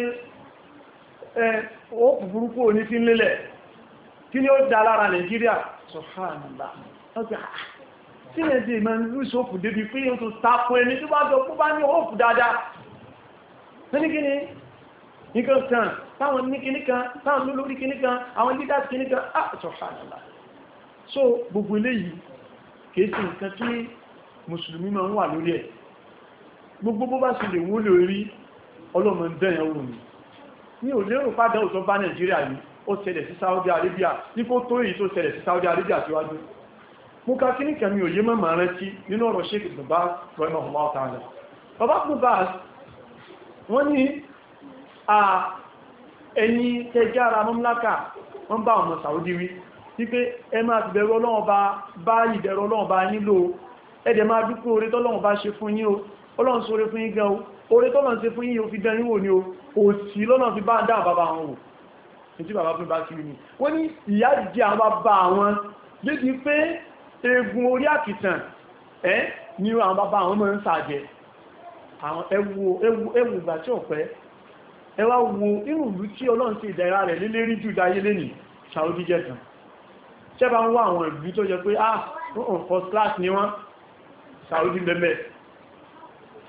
[SPEAKER 2] ẹ ó burúkú òní tí ń lélẹ̀ kí ni ó dá lára Nàìjíríà sọ fáànàlá tí Nàìjíríà máa ń rúṣ òfù débi pé yóò tó tako ẹni tó bá jọ pọ́ bá ní òfù dáadáa ní kí ni nǹkan kan táwọn ní kíní kan táwọn lólórí kíní kan àwọn leaders kíní kan ah sọ fáànàlá so gbogbo eléyìí kìí sí nǹkan tí mùsùlùmí máa ń wà lórí ẹ̀ gbogbo bó bá ṣe lè wúlò rí ọlọ́mọ dẹ́yàn wù mí ní ò lérò òtọ́ bá nàìjíríà yìí ó ṣẹlẹ̀ sí Saudi Arabia ní kó tó èyí tó ṣẹlẹ̀ sí Saudi Arabia síwájú mú ká kí ní kẹmí òye mọ́mọ̀ rántí nínú ọ̀rọ̀ Sheikh Ibn Baz rọ́ìmọ̀ ọmọ ọ̀tàlẹ̀ bàbá Ibn Baz wọ́n ní à ẹni tẹjá ara mọ́mláka wọ́n bá ẹ̀dẹ̀ máa dúpọ̀ orí tọ́lọ́run bá ṣe fún yín o ọlọ́run sóre fún yín gan o oore tó lọ́n ṣe fún yín o fi dán níwò ni o òsì lọ́nà fi bá ń dá bàbá wọn wò ní tí bàbá fún bá kiri ni wọ́n ní ìyá jẹ́ àwọn bàbá wọn débi pé egun orí àkìtàn ẹ́ ni àwọn bàbá wọn mọ́ ń sàjẹ́ àwọn ẹwù ìgbà tí ọ̀pẹ́ ẹ wá wo ṣẹ́bà ń wá àwọn ìlú tó jẹ pé ah first class ni wọ́n Saudi bẹ̀bẹ̀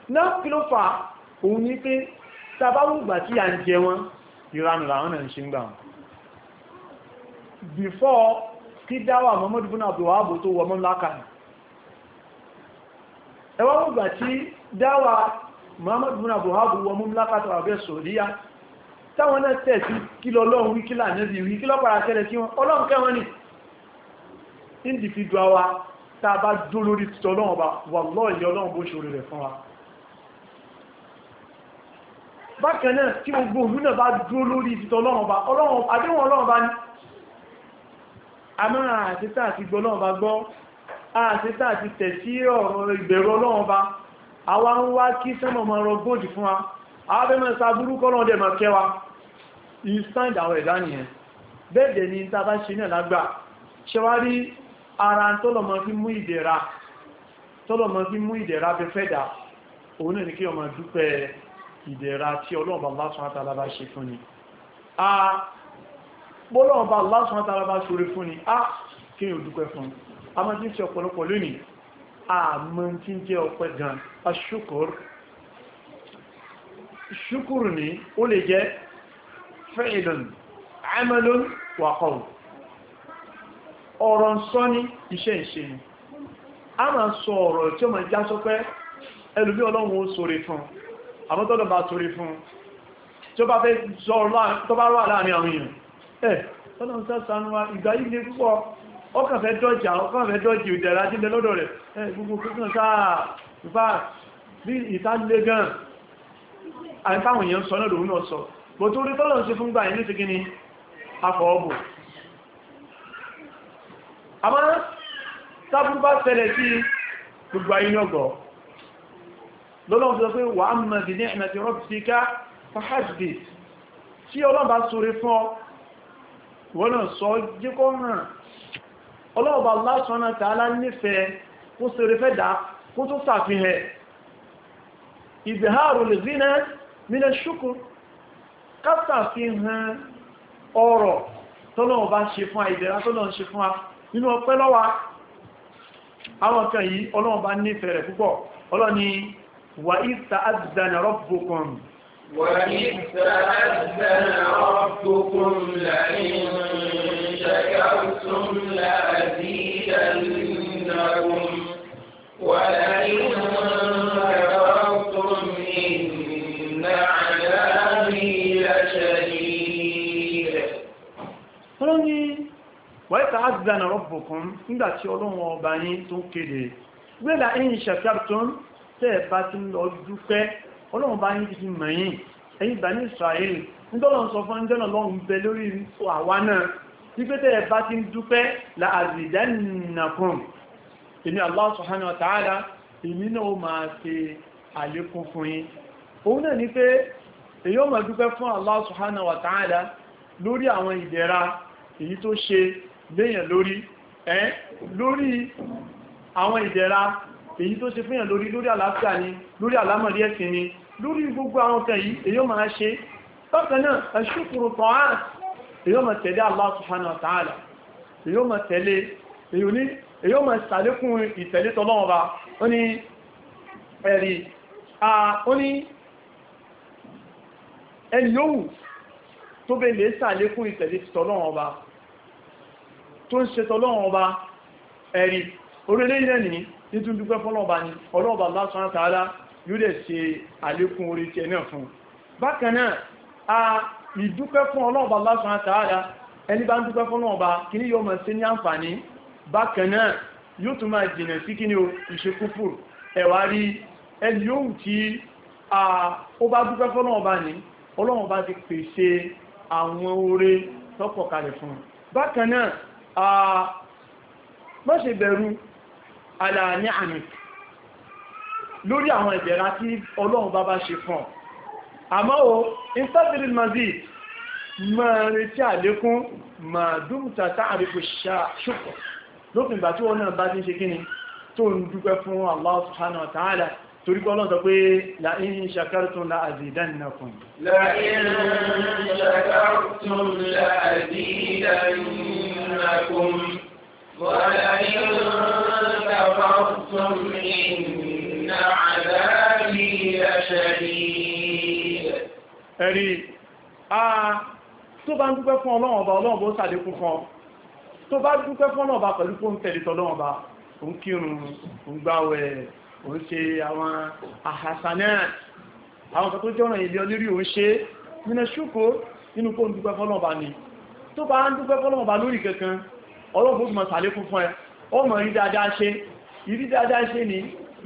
[SPEAKER 2] náà kí ló fà òun ní pé tàbáwùgbà tí a ń jẹ wọn ìranù làwọn ń ṣe ń gbà wọn before kí dáwà Muhammadu bin Abdul Wahab tó wọ mọ́láka ẹwàwùgbà tí dáwà Muhammadu bin Abdul Wahab wọ mọ́láka tó àbẹ́ sòríyá táwọn náà tẹ̀ sí kí lọ́lọ́run wí wa tá a bá dó lórí títọ́ ọlọ́run ọba wà lọ́ọ̀lẹ́ ọlọ́run bó ṣe orí rẹ̀ fún wa bákan náà tí gbogbo òlú náà bá dúró lórí ìtìtọ̀ ọlọ́ọ̀ba àdéhùn ọlọ́ọ̀ba ni a máa àṣítà àti gbọ́ ọlọ́ọ̀ba gbọ́ àṣítà àti tẹ̀sí ọ̀rọ̀ ìbẹ̀rù ọlọ́ọ̀ba àwa ń wá kí sẹ́mọ̀ máa rọ góòdì fún wa àwọn fẹ́ mẹ́ta burúkú ọlọ́ọ̀dẹ̀ máa kẹwa ìstand àwọn ẹ̀dá nìyẹn bẹ́ẹ̀dẹ̀ ni ta bá ṣe náà lágbà ṣẹwárí ara tọ́lọ̀mọ fi mú ìdẹ̀ra tọ́lọ̀mọ fi mú ìdẹ̀ra bẹ fẹ́ dà òun náà ni kí ọmọ dúpẹ́ ìdẹ̀ra tí ọlọ́ọ̀bà lásán àtàlábà ṣe fún ni a bọ́lọ́ọ̀bà lásán àtàlábà ṣorí fún ni a kí yíò dúpẹ́ fún a mọ́ tí ń ṣe ọ̀pọ̀lọpọ̀ lónìí a mọ́ tí ń jẹ́ ọpẹ́ gan a ṣúkúr ṣúkúr ó lè jẹ́ amalun wa qawl ọ̀rọ̀ ń sọ ní iṣẹ́ ìṣe ni a máa sọ ẹlùmí ọlọ́run ó sóre fún àwọn tọ́lọ̀ bá torí fún tí ó bá fẹ́ sọ bá wà láàrin àwọn èèyàn ẹ̀ tọ́lọ̀ ń sásánú wa ìgbà yìí lè púpọ̀ ọkàn fẹ́ dọ́jì ọkàn fẹ́ dọ́jì ìdẹ̀rà tí lẹ lọ́dọ̀ rẹ̀ ẹ̀ gbogbo kúrò sáà ìfà bí ìta lé gan àìfáwọn èèyàn sọ náà lòun náà sọ bò tó rí tọ́lọ̀ ń ṣe fún gbà yìí nítorí ní afọ̀ ọ̀bù àmọ́ tábùbá ṣẹlẹ̀ sí gbogbo ayé náà gbọ́ lọ́lọ́run sọ pé wà á mọ̀ bí ní ẹ̀mẹ̀tì rọ́bìsíká fahadis tí ọlọ́run bá sóre fún ọ wọ́n náà sọ jíkọ́ hàn ọlọ́run bá lásánà tààlá nífẹ̀ẹ́ kó sóre fẹ́ dá kó tó sàfihẹ̀ ìbẹ̀hàrù lè zínà nílẹ̀ ṣúkú kásàfihàn ọ̀rọ̀ tọ́lọ́run bá ṣe nífẹ̀ẹ́ rẹ̀ púpọ̀ ọlọ́ni وإذ تأذن ربكم وإذ تأذن ربكم لئن
[SPEAKER 1] شكرتم لأزيدنكم ولئن كفرتم إن عذابي لشديد
[SPEAKER 2] تأذن رَبُّكُمْ إِنْ شاء الله وَبَعْنِي تُوْكِدِي ولئن شَكَرْتُمْ tẹ́ ẹ̀ bá ti lọ dúpẹ́ ọlọ́run bá yín ti mọ̀ yín ẹ̀yin ìgbà ní Israel nítọ́lọ́n sọ fún jọ́nà lọ́run bẹ lórí àwa náà wípé tẹ́ ẹ̀ bá ti ń dúpẹ́ la Allah subhanahu wa ta'ala èmi náà máa ṣe àlékún fún yín òun náà ní pé èyí ó Allah subhanahu wa ta'ala lórí àwọn ìdẹ̀ra èyí tó ṣe léèyàn lórí ẹ́ lórí àwọn ìdẹ̀ra èyí tó ṣe fún yàn lórí lórí àlàáfíà ni lórí àlámọ̀rí ẹ̀sìn ni lórí gbogbo àwọn kan yìí èyí máa ṣe bákan náà ẹ̀ṣùkùrù tọ́án èyí máa tẹ̀lé Allah subhanahu wa ta'ala èyí máa tẹ̀lé èyí máa sàlékún ìtẹ̀lé tọ́lọ́wọ́ba ó ní ẹ̀rí ó ní ẹni yóò tó bẹ lè sàlékún ìtẹ̀lé tọ́lọ́wọ́ba tó ń ṣe tọ́lọ́wọ́ba ẹ̀rí orílẹ̀-èdè nìyí nítorí dúpẹ́ fọ́lọ́ọ̀bá ni ọlọ́ọ̀bá lásán tààlá yóò dẹ̀ ṣe àlékún orí tẹ náà fún bákan náà a ìdúpẹ́ fún ọlọ́ọ̀bá lásán tààlá ẹni bá ń dúpẹ́ fọ́lọ́ọ̀bá kí ní yóò máa ṣe ní àǹfààní bákan náà yóò tún máa jìnà sí kí ní o ìṣekúfù ẹ̀wà rí ẹni a ó bá dúpẹ́ fọ́lọ́ọ̀bá ni ọlọ́ọ̀bá ti pèsè àwọn oore tọ́pọ̀ kalẹ̀ fún a má ṣe aláàní àmì lórí àwọn ìbẹ̀rẹ̀ tí ọlọ́run bá bá ṣe fún àmọ́ o instagram mazid máa retí àlékún máa dúmùtà táàrífò ṣùpọ̀ lópin ìgbà tí wọ́n náà bá ti ń ṣe kíni tó ń dúpẹ́ fún Allah subhanahu wa
[SPEAKER 1] ولئن كفرتم
[SPEAKER 2] إن عذابي لشديد ẹ̀rí a tó bá ń dúpẹ́ fún ọlọ́run ọba ọlọ́run bó ṣàlékún fún ọ tó bá dúpẹ́ fún ọlọ́run ọba pẹ̀lú fún tẹ̀lẹ̀tọ̀ ọlọ́run ọba òun kírun òun gbáwẹ̀ òun ṣe àwọn àhàsánẹ́ àwọn ọlọ́run mọ̀ sàlékún fún ẹ ó mọ̀ rí dáadáa ṣe ìrí dáadáa ṣe ni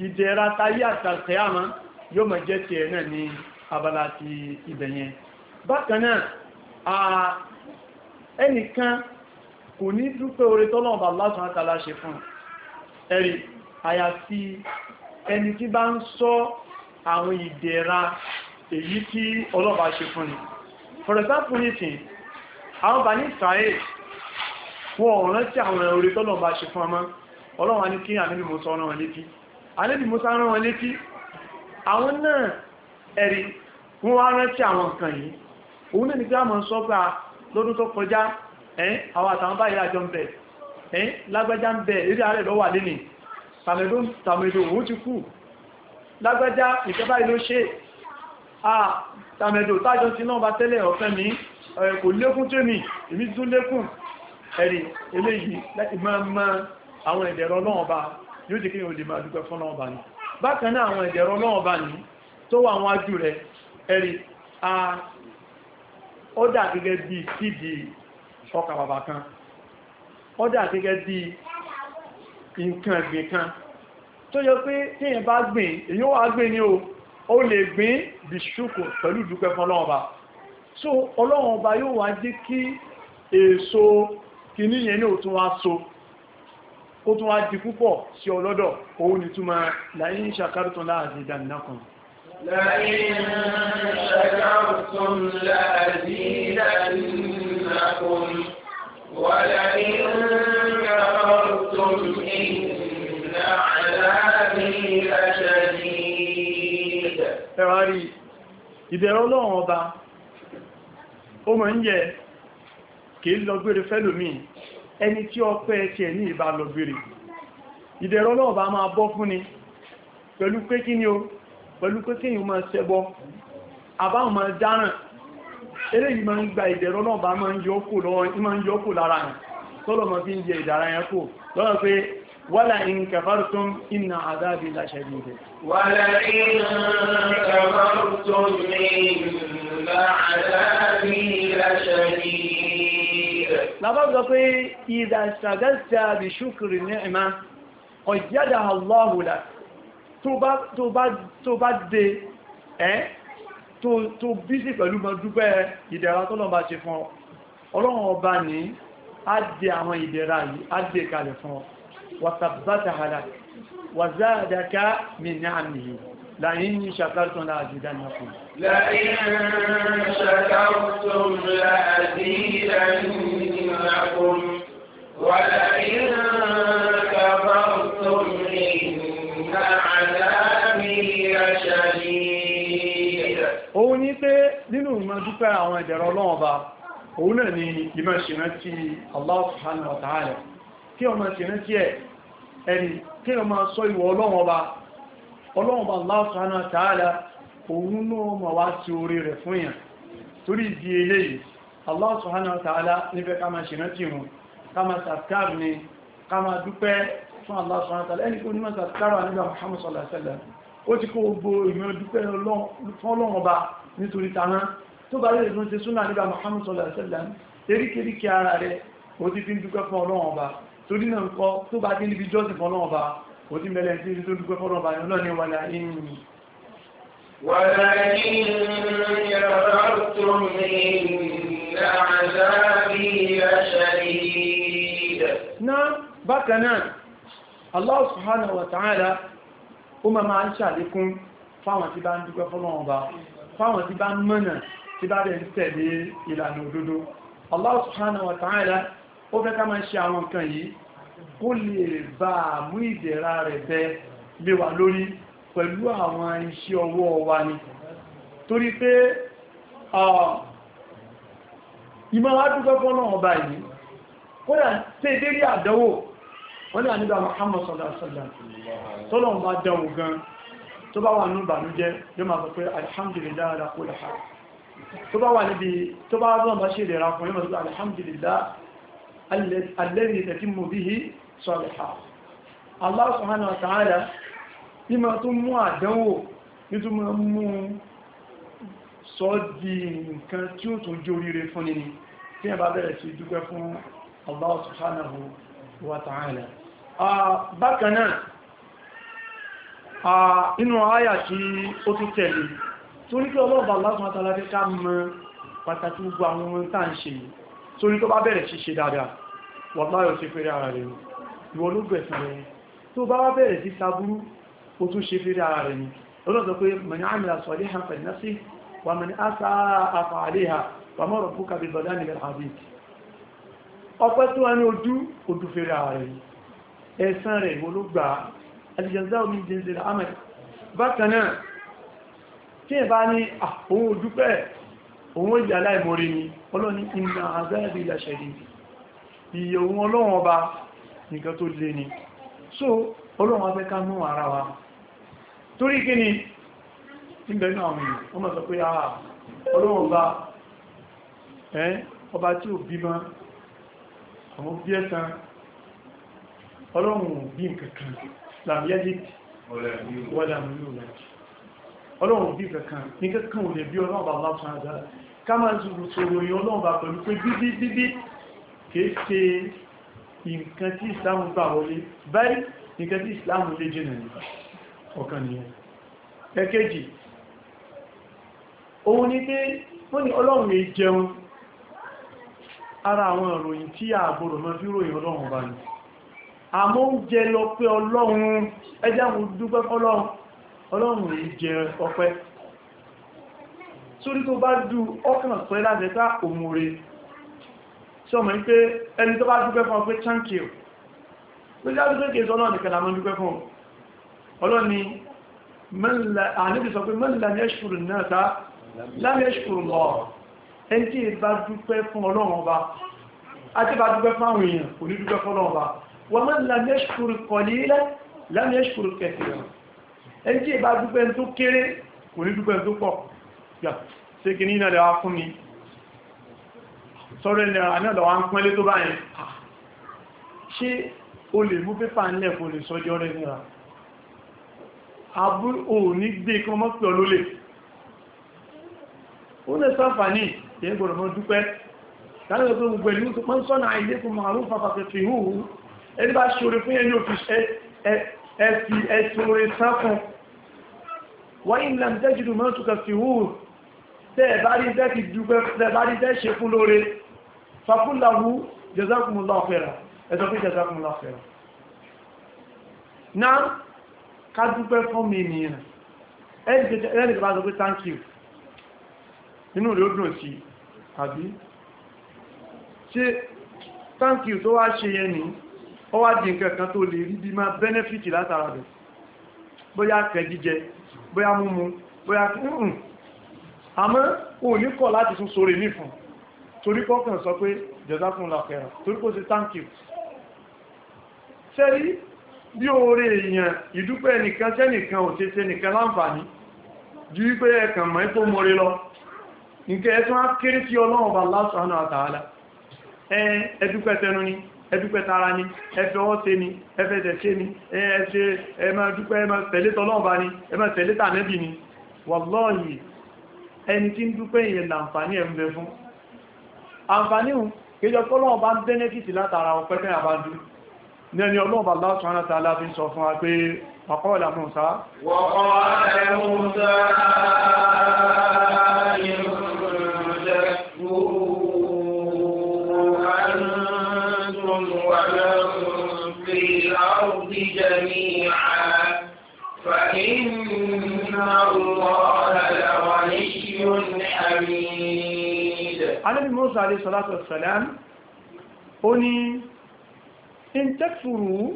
[SPEAKER 2] ìdẹ̀ra tayé àtàṣẹ àmọ́ yóò mọ̀ jẹ́ ti ẹ̀ náà ní abala ti ibẹ̀ yẹn bákan náà ẹnìkan kò ní dúpẹ́ oore tọ́lọ́run Allah subhanahu wa ta'ala ṣe fún ẹ̀rí àyàfi ẹni tí bá ń sọ àwọn ìdẹ̀ra èyí wọn ò rántí àwọn orí tọ́lọ̀ bá ṣe fún ọmọ ọlọ́wà ní kí àníbì Mùsá rán wọn létí àníbì Mùsá rán wọn létí àwọn náà ẹ̀rí wọ́n wá rántí àwọn nǹkan yìí òun náà ni pé àmọ́ sọ pé lọ́dún tó kọjá ẹ́n àwọn àtàwọn báyìí àjọ ń bẹ̀ ẹ́n lágbájá ń bẹ̀ eré ààrẹ lọ́wà lẹ́nì tàmẹ̀dò òun ti kú lágbájá ìjọba ìlú ṣe à tàmẹ̀dò tájọ sí náà bá tẹ́lẹ̀ ọ̀fẹ́ mi ẹ̀rí eléyìí láti máa máa àwọn ìdẹ̀rọ lọ́wọ́ba yóò jẹ́ kí o lè máa dúpẹ́ fún lọ́wọ́ba ní bákan náà àwọn ìdẹ̀rọ lọ́wọ́ba ní tó wà wọn ajú rẹ̀ ẹ̀rí a ó dà gẹ́gẹ́ bí sídi ọkà bàbà kan ó dà gẹ́gẹ́ bí nǹkan ẹ̀gbìn kan tó yẹ pé tí èyàn bá gbìn èyí wà gbìn ní o ó lè gbìn bí ṣúkò pẹ̀lú dúpẹ́ fún lọ́wọ́ba so ọlọ́wọ́ba yóò wá jẹ́ kí èso kìíní yẹn ní òtún wá so ó tún wá di púpọ̀ sí ọlọ́dọ̀ òun ni túnmà láyín ṣàkárùtún ṣàkárùtún láàrin ìdánilẹ́kùn
[SPEAKER 1] wà láyín
[SPEAKER 2] ìbẹ̀rẹ̀ ọlọ́run ọba ó mọ̀ ń yẹ kìí lọ gbére fẹ́lòmíì ẹni tí ọpẹ́ ẹ̀ṣẹ̀ ní ìbá lọ bèèrè ìdẹ̀rọ náà bá máa bọ́ fún ni pẹ̀lú pé kí ni o pẹ̀lú pé kí ni o máa ṣẹbọ àbáhùn máa dáràn eléyìí máa ń gba ìdẹ̀rọ náà bá máa ń yọ kò lára rẹ̀ tọ́lọ̀ máa fi ń jẹ ìdára yẹn kò lọ́nà pé wala in kafartum inna azabi la shadid wala lábá sọ pé ìdàṣàgáṣà bí ṣúkìrì ní ẹ̀má ọ̀yádà aláhùlà tó bá dé ẹ́ tó bí sí pẹ̀lú mọ́dúpẹ́ ìdẹ̀ra tó lọ́ba ṣe fún ọlọ́run ọba ní á dé àwọn ìdẹ̀ra yìí á dé kalẹ̀ fún wàtàbátàhàlà wàzáàdáká mìíràn nìyí لئن شكرتم لأزيدنكم لئن شكرتم لأزيدنكم
[SPEAKER 1] ولئن كفرتم إن عذابي لشديد
[SPEAKER 2] òun ní pé nínú ìmọ̀ dúpẹ́ àwọn ìdẹ̀rọ ọlọ́run ọba òun náà ni ìmọ̀ ṣìrántí Allah subhanahu wa ta'ala kí ọmọ ṣìrántí ẹ̀ ẹni kí ọmọ sọ ìwọ̀ ọlọ́run ọba ọlọ́run bá Allah subhanahu wa ta'ala òun náà ma wá sí orí rẹ̀ fún yàn torí ìdí eléyìí Allah subhanahu wa ta'ala nífẹ́ ká máa ṣèrántí wọn ká máa sàtàrù ni ká máa dúpẹ́ fún Allah subhanahu wa ta'ala ẹni kó ní máa sàtàrù àníbà Muhammad sallallahu alaihi wasallam ó ti kó gbogbo ìmọ̀ dúpẹ́ fọ́lọ́run ọba nítorí tàná tó bá lè tún sallallahu kò tí mẹ́lẹ̀ tí tó dúpẹ́ fọ́rọ̀ bá ní ọlọ́ni wà láì ní
[SPEAKER 1] ولئن يررتم إن عذابي لشديد
[SPEAKER 2] نعم بكنا الله سبحانه وتعالى ó ma máa ń ṣàlékún fáwọn tí bá ń dúpẹ́ fọ́lọ́wọ́n bá fáwọn tí bá ń mọ́nà tí bá rẹ̀ tẹ̀lé ìlànà òdodo Allah subhanahu wa ta'ala ó fẹ́ ká máa ṣe àwọn nǹkan yìí kó lè bá àmú ìdẹ̀ra rẹ̀ bẹ lé wa lórí pẹ̀lú àwọn iṣẹ́ ọwọ́ wa ni torí pé ìmọ̀ adúgbẹ́ fọ́nà ọba yìí kódà tẹ́ dérí àdánwò wọ́n dà nígbà Muhammad sọ́lọ́sọ́lá tọ́lọ̀ bá dánwò gan tó bá wà ní ìbànújẹ́ yóò máa sọ pé alhamdulillah ala kulli hal tó bá wà níbi tó bá rọ́n bá ṣe ìdẹ̀ra fún alhamdulillah alẹ́rìn tẹ̀tímù bí i sọ̀rọ̀há Allah subhanahu wa ta'ala ní ma tún mú àdánwò ní tún ma mú sọ di nǹkan tí ó tún jó ríre fún ní tí ẹ bá bẹ̀rẹ̀ sí dúpẹ́ fún Allah subhanahu náà inú àyà pàtàkì gbogbo àwọn ohun tá ń ṣe yìí sórí tó bá bẹ̀rẹ̀ ṣíṣe dáadáa wọ́n láyọ̀ sí fẹ́rẹ́ ara rẹ̀ ni ìwọ ló gbẹ̀sùn rẹ̀ tó bá wá bẹ̀rẹ̀ sí sàbúrú ó tún ṣe fẹ́rẹ́ ara rẹ̀ ni ọlọ́dọ̀ pé mọ̀ní àmìlà sọ̀lẹ́ hàn fẹ̀lẹ́ náà sí wà mọ̀ní àṣà àfààlẹ́ òun ìyà aláìmorí ni ọlọ́ni iná azáàbí ìlàṣẹ̀dì iye ohun ọlọ́run ọba nìkan tó lè ní so ọlọ́run afẹ́ká mú ara wa torí kí ni ìbẹ̀nà àwọn èèyàn wọ́n mọ̀ sọ pé àà ah, ọlọ́run ọba ẹ́ ọba tí ò bímọ àwọn bí ẹ̀sán ọlọ́run bí ọlọ́run bí kankan ní kankan ò lè bí ọlọ́run bá láti ṣe àjára ká máa zùrù sọ̀rọ̀ yìí ọlọ́run bá pẹ̀lú pé bíbí bíbí kìí ṣe nǹkan tí ìsìláàmù gbà wọlé báyìí nǹkan tí ìsìláàmù lè jẹ́ nàìjíríà ọ̀kan nìyẹn ẹ̀kẹ́jì òun ni pé wọ́n ni ọlọ́run èé jẹun ara àwọn ìròyìn tí ààbòrò náà fi ròyìn ọlọ́run bá ní àmọ́ ń jẹ ọlọ́run yìí jẹ ọpẹ́ sórí tó bá dú ọkàn pẹ́ lájẹta òmòrè tí ọmọ ìpé ẹni tó bá dúpẹ́ fún ọpẹ́ thank you ló jáde tó kéèsọ ọlọ́run nìkan lámọ́ dúpẹ́ fún ọlọ́ni àníbi sọ pé mẹ́lá ní ẹ̀ṣùrù náà ta lámì ẹ̀ṣùrù lọ ẹni tí bá dúpẹ́ fún ọlọ́run ọba àti bá dúpẹ́ fún àwọn èèyàn kò ní dúpẹ́ fún ọlọ́run ọba ẹni tí ìbá dúpẹ́ tó kéré kò ní dúpẹ́ tó pọ̀ yà ṣe kì ní ìnà lẹ́wà fún mi sọ́rọ̀ ilẹ̀ àná lọ́wà ń pẹ́lẹ́ tó báyìí ṣé o lè mú pépà ńlẹ̀ kò lè sọjọ́ rẹ̀ nira abúrò ò ní gbé kí wọ́n mọ́ pẹ̀ ẹ̀fì ẹ̀sùn orin sáfún wọ́n yìí lẹ́m tẹ́jìdù mọ́ tukà fi hù tẹ́ẹ̀bárí tẹ́ fi dúpẹ́ tẹ́ẹ̀bárí tẹ́ ṣe fún lóore fàkúnláwú jazakumullahu khairan ẹ̀sọ́ pé jazakumullahu khairan náà ká dúpẹ́ fún mi nìyàn ẹni tó bá ó wá di nǹkan kan tó lè rí bí máa benefit látara rẹ̀ bóyá kẹ jíjẹ bóyá múmu bóyá kúrùn àmọ́ o ní kọ̀ láti tún sóre ní fún torí kọ́kàn sọ pé jẹ́dá fún làfẹ́ra torí kó sí thank you sẹ́rí bí oore èèyàn ìdúpẹ́ ẹnìkan sẹ́nìkan ò tẹ́sẹ́ nìkan láǹfààní ju wípé ẹkàn mọ́ ipò mọ́rí lọ ni ẹdúpẹ́ tara ni ẹfẹ́ ọwọ́ ṣe ni ẹfẹ́ ẹ̀ṣẹ́ ni ẹṣẹ́ ẹmọ dúpẹ́ ẹmọ tẹ̀lé tọ́lọ́ọ̀bá ni ẹmọ tẹ̀lé tànẹ́bì ni wàlọ́ọ̀yì ẹni tí ń dúpẹ́ ìyẹn làǹfààní ẹ̀ ń bẹ fún àǹfààní hùn kéjọ tọ́lọ́ọ̀bá ń bẹ́nẹ́fìtì látara ọpẹ́ tẹ́ àbájú ní ẹni ọlọ́ọ̀bá lásán àti aláàfin sọ fún wa pé ọkọ̀ ọ̀là mọ̀ọ́sá
[SPEAKER 1] wọ́n kọ́
[SPEAKER 2] حميد النبي موسى عليه الصلاة والسلام أني إن تكفروا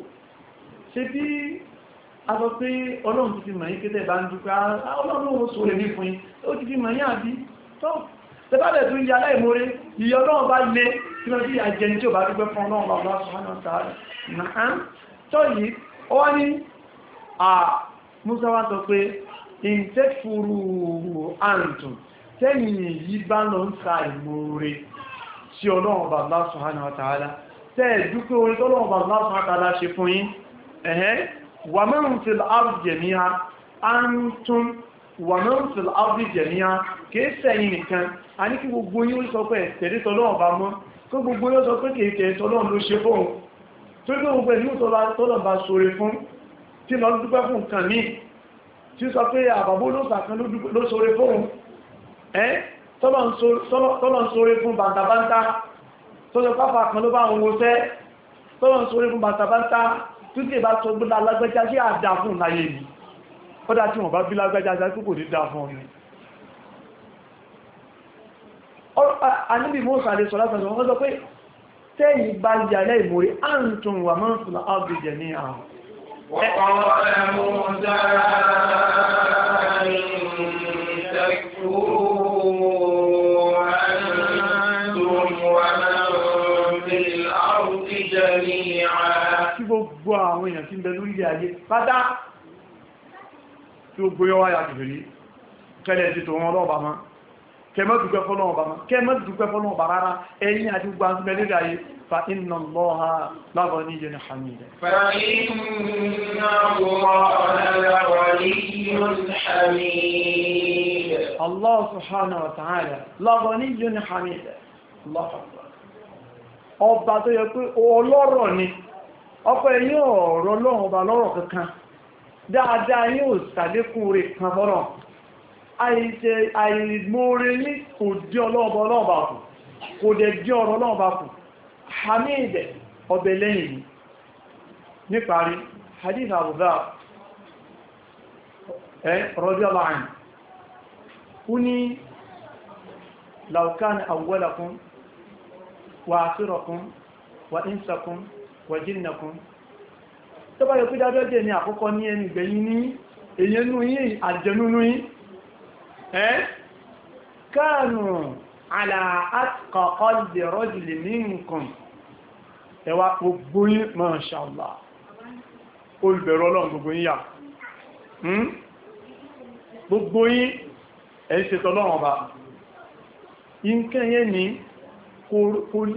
[SPEAKER 2] سبي àtọ́ pé ọlọ́run ti fi mọ̀ yí kétẹ́ bá ń dúpẹ́ ah, ah, ọlọ́run ó sóre ní fún yí ó ti fi mọ̀ yí àbí tọ́ tẹ́bàbẹ̀ tó ń yà láìmóre ìyọ ọlọ́run bá lé tí tẹ́yìn yìí bá lọ ń sa ìmoore sí ọlọ́run bàbá subhanahu wa ta'ala tẹ́ẹ̀dú pé orin tọ́lọ́run bàbá subhanahu wa ta'ala ṣe fún yín ẹ̀hẹ́n wà mẹ́rin fil ardi jami'a antum wà mẹ́rin fil ardi jami'a kìí sẹ́yìn nìkan a ní kí gbogbo yín lọ dúpẹ́ fún nǹkan míì tí sọ pé àbàbó ló sàkán ló ṣore fóun tọ́lọ̀n sórí fún bàǹtàbáǹtà tọ́lọ̀ pápá kan ló bá ń wọ́sẹ́ tọ́lọ̀n sórí fún bàǹtàbáǹtà títí bá tó gbọ́dá lágbẹ́já sí àdá fún láyé mi kọ́dá tí wọ́n bá bí lágbẹ́já sí kò ní dá fún ọ̀rìn aníbi mọ́sà lè sọ látàrí wọ́n sọ pé tẹ́yìn bá jàlẹ́ ìmòrí àǹtùn wà mọ́ fún àbìjẹ̀ ní àwọn
[SPEAKER 1] وقال موسى إن تكفر
[SPEAKER 2] gbogbo àwọn èèyàn tí ń bẹ lórílẹ̀ ayé pátá tí ó gbóyọ́ wáyà kìfèrí kẹlẹ̀ ti tòun ọlọ́ọ̀bá ma kẹmọ́ dúpẹ́ fọ́lọ́ọ̀bá fọ́lọ́ọ̀bá rárá ẹ̀yìn àti gbogbo ọba tó yẹ pé ọlọ́rọ̀ ni ọpọ yín ọ̀rọ̀ lọ́rùn lọ́rọ̀ kankan dáadáa yín ò rẹ̀ kan mọ́rọ̀ àìmóore yín kò dí ọlọ́ọ̀bọ ọlọ́ọ̀bà kù kò dẹ̀ dí ọ̀rọ̀ hamid hadith wọ̀jínàkún tó bá yẹ pé dájọ́ jẹ́ ní àkọ́kọ́ ní ẹni ìgbẹ̀yìn ní èyẹnú yí àjẹnúnú yí ẹ́ káànù àlàákọ̀ọ́kọ́ lèrọ́jìlì ní nǹkan ẹwà gbogbo yín mọ́ṣàlá olùbẹ̀rọ ọlọ́run gbogbo yín yà hmm? gbogbo ni kò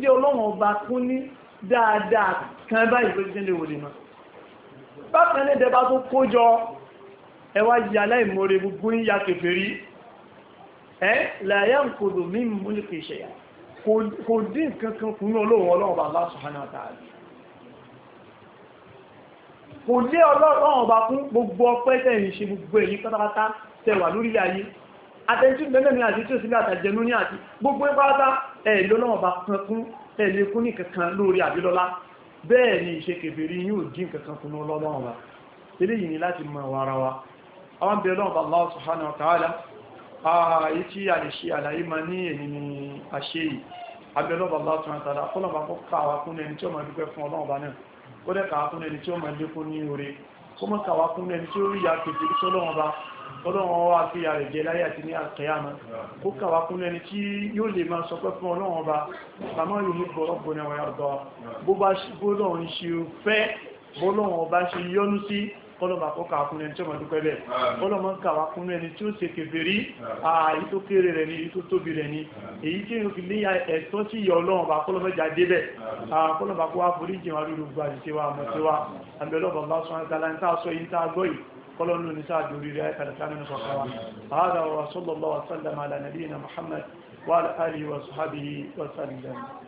[SPEAKER 2] lé ọlọ́run ọba kún ní dáadáa kan báyìí ló jíjẹ́ lè wò lè máa bákan ní ẹ̀dẹ̀bá tó kójọ ẹwà yìí aláìmọ̀rẹ̀ gbogbo ń ya kèfèrí ẹ́ láyán kò lò mí mú ní kèṣẹ̀ yà kò dín kankan kún ní olóòwò ọlọ́ọ̀bà subhanahu wa ta'ala kò lé ọlọ́ọ̀bà fún gbogbo ọpẹ́ tẹ̀yìn ṣe gbogbo èyí pátápátá tẹwà lórílẹ̀ ayé àtẹ́jú mẹ́mẹ́rin àti tí ó sílẹ̀ àtàjẹnú ní àti gbogbo ipá ẹ̀ lọ́lọ́ọ̀bà kan kún ẹ̀ ní kankan lórí àbílọ́lá bẹ́ẹ̀ ni ìṣe kèfèrí yóò dín kankan fún ọlọ́lọ́wọ́n wa eléyìí ni láti mọ̀ wàrà wa àwọn bẹ̀rẹ̀ lọ́wọ́ Allah subhanahu wa ta'ala ààyí a lè ṣe àlàyé ma ní èyí ni a ṣe yìí abẹ́lọ́wọ́ Allah subhanahu wa ta'ala fọ́lọ́wọ́ kó kàwà kún ẹni tí ó máa dúpẹ́ fún ọlọ́wọ́ náà ó dẹ̀ kàwà kún ẹni tí ó ọlọ́run wá fi ààrẹ jẹ láyé àti ní àkẹyàmọ́ kó kàwà kún lẹni tí yóò lè máa sọpẹ́ fún ọlọ́run ọba màmá yóò ní gbọ́rọ̀gbọ́ ní ọ̀yà ọ̀dọ́ bó bá bọ́lọ́run ṣe fẹ́ bọ́lọ́run ọba ṣe yọ́nú sí kọlọ́mà kọ́ kàwà ni èyí tó tóbi rẹ̀ ni èyí tí ó fi ní ẹ̀tọ́ sí ìyọ̀ ọlọ́run ọba kọlọ́mẹ́jà débẹ̀ kọlọ́mà kó wá قالوا النساء جوري آية لسانة فقوة هذا وصلى الله وسلم على نبينا محمد وعلى آله وصحبه وسلم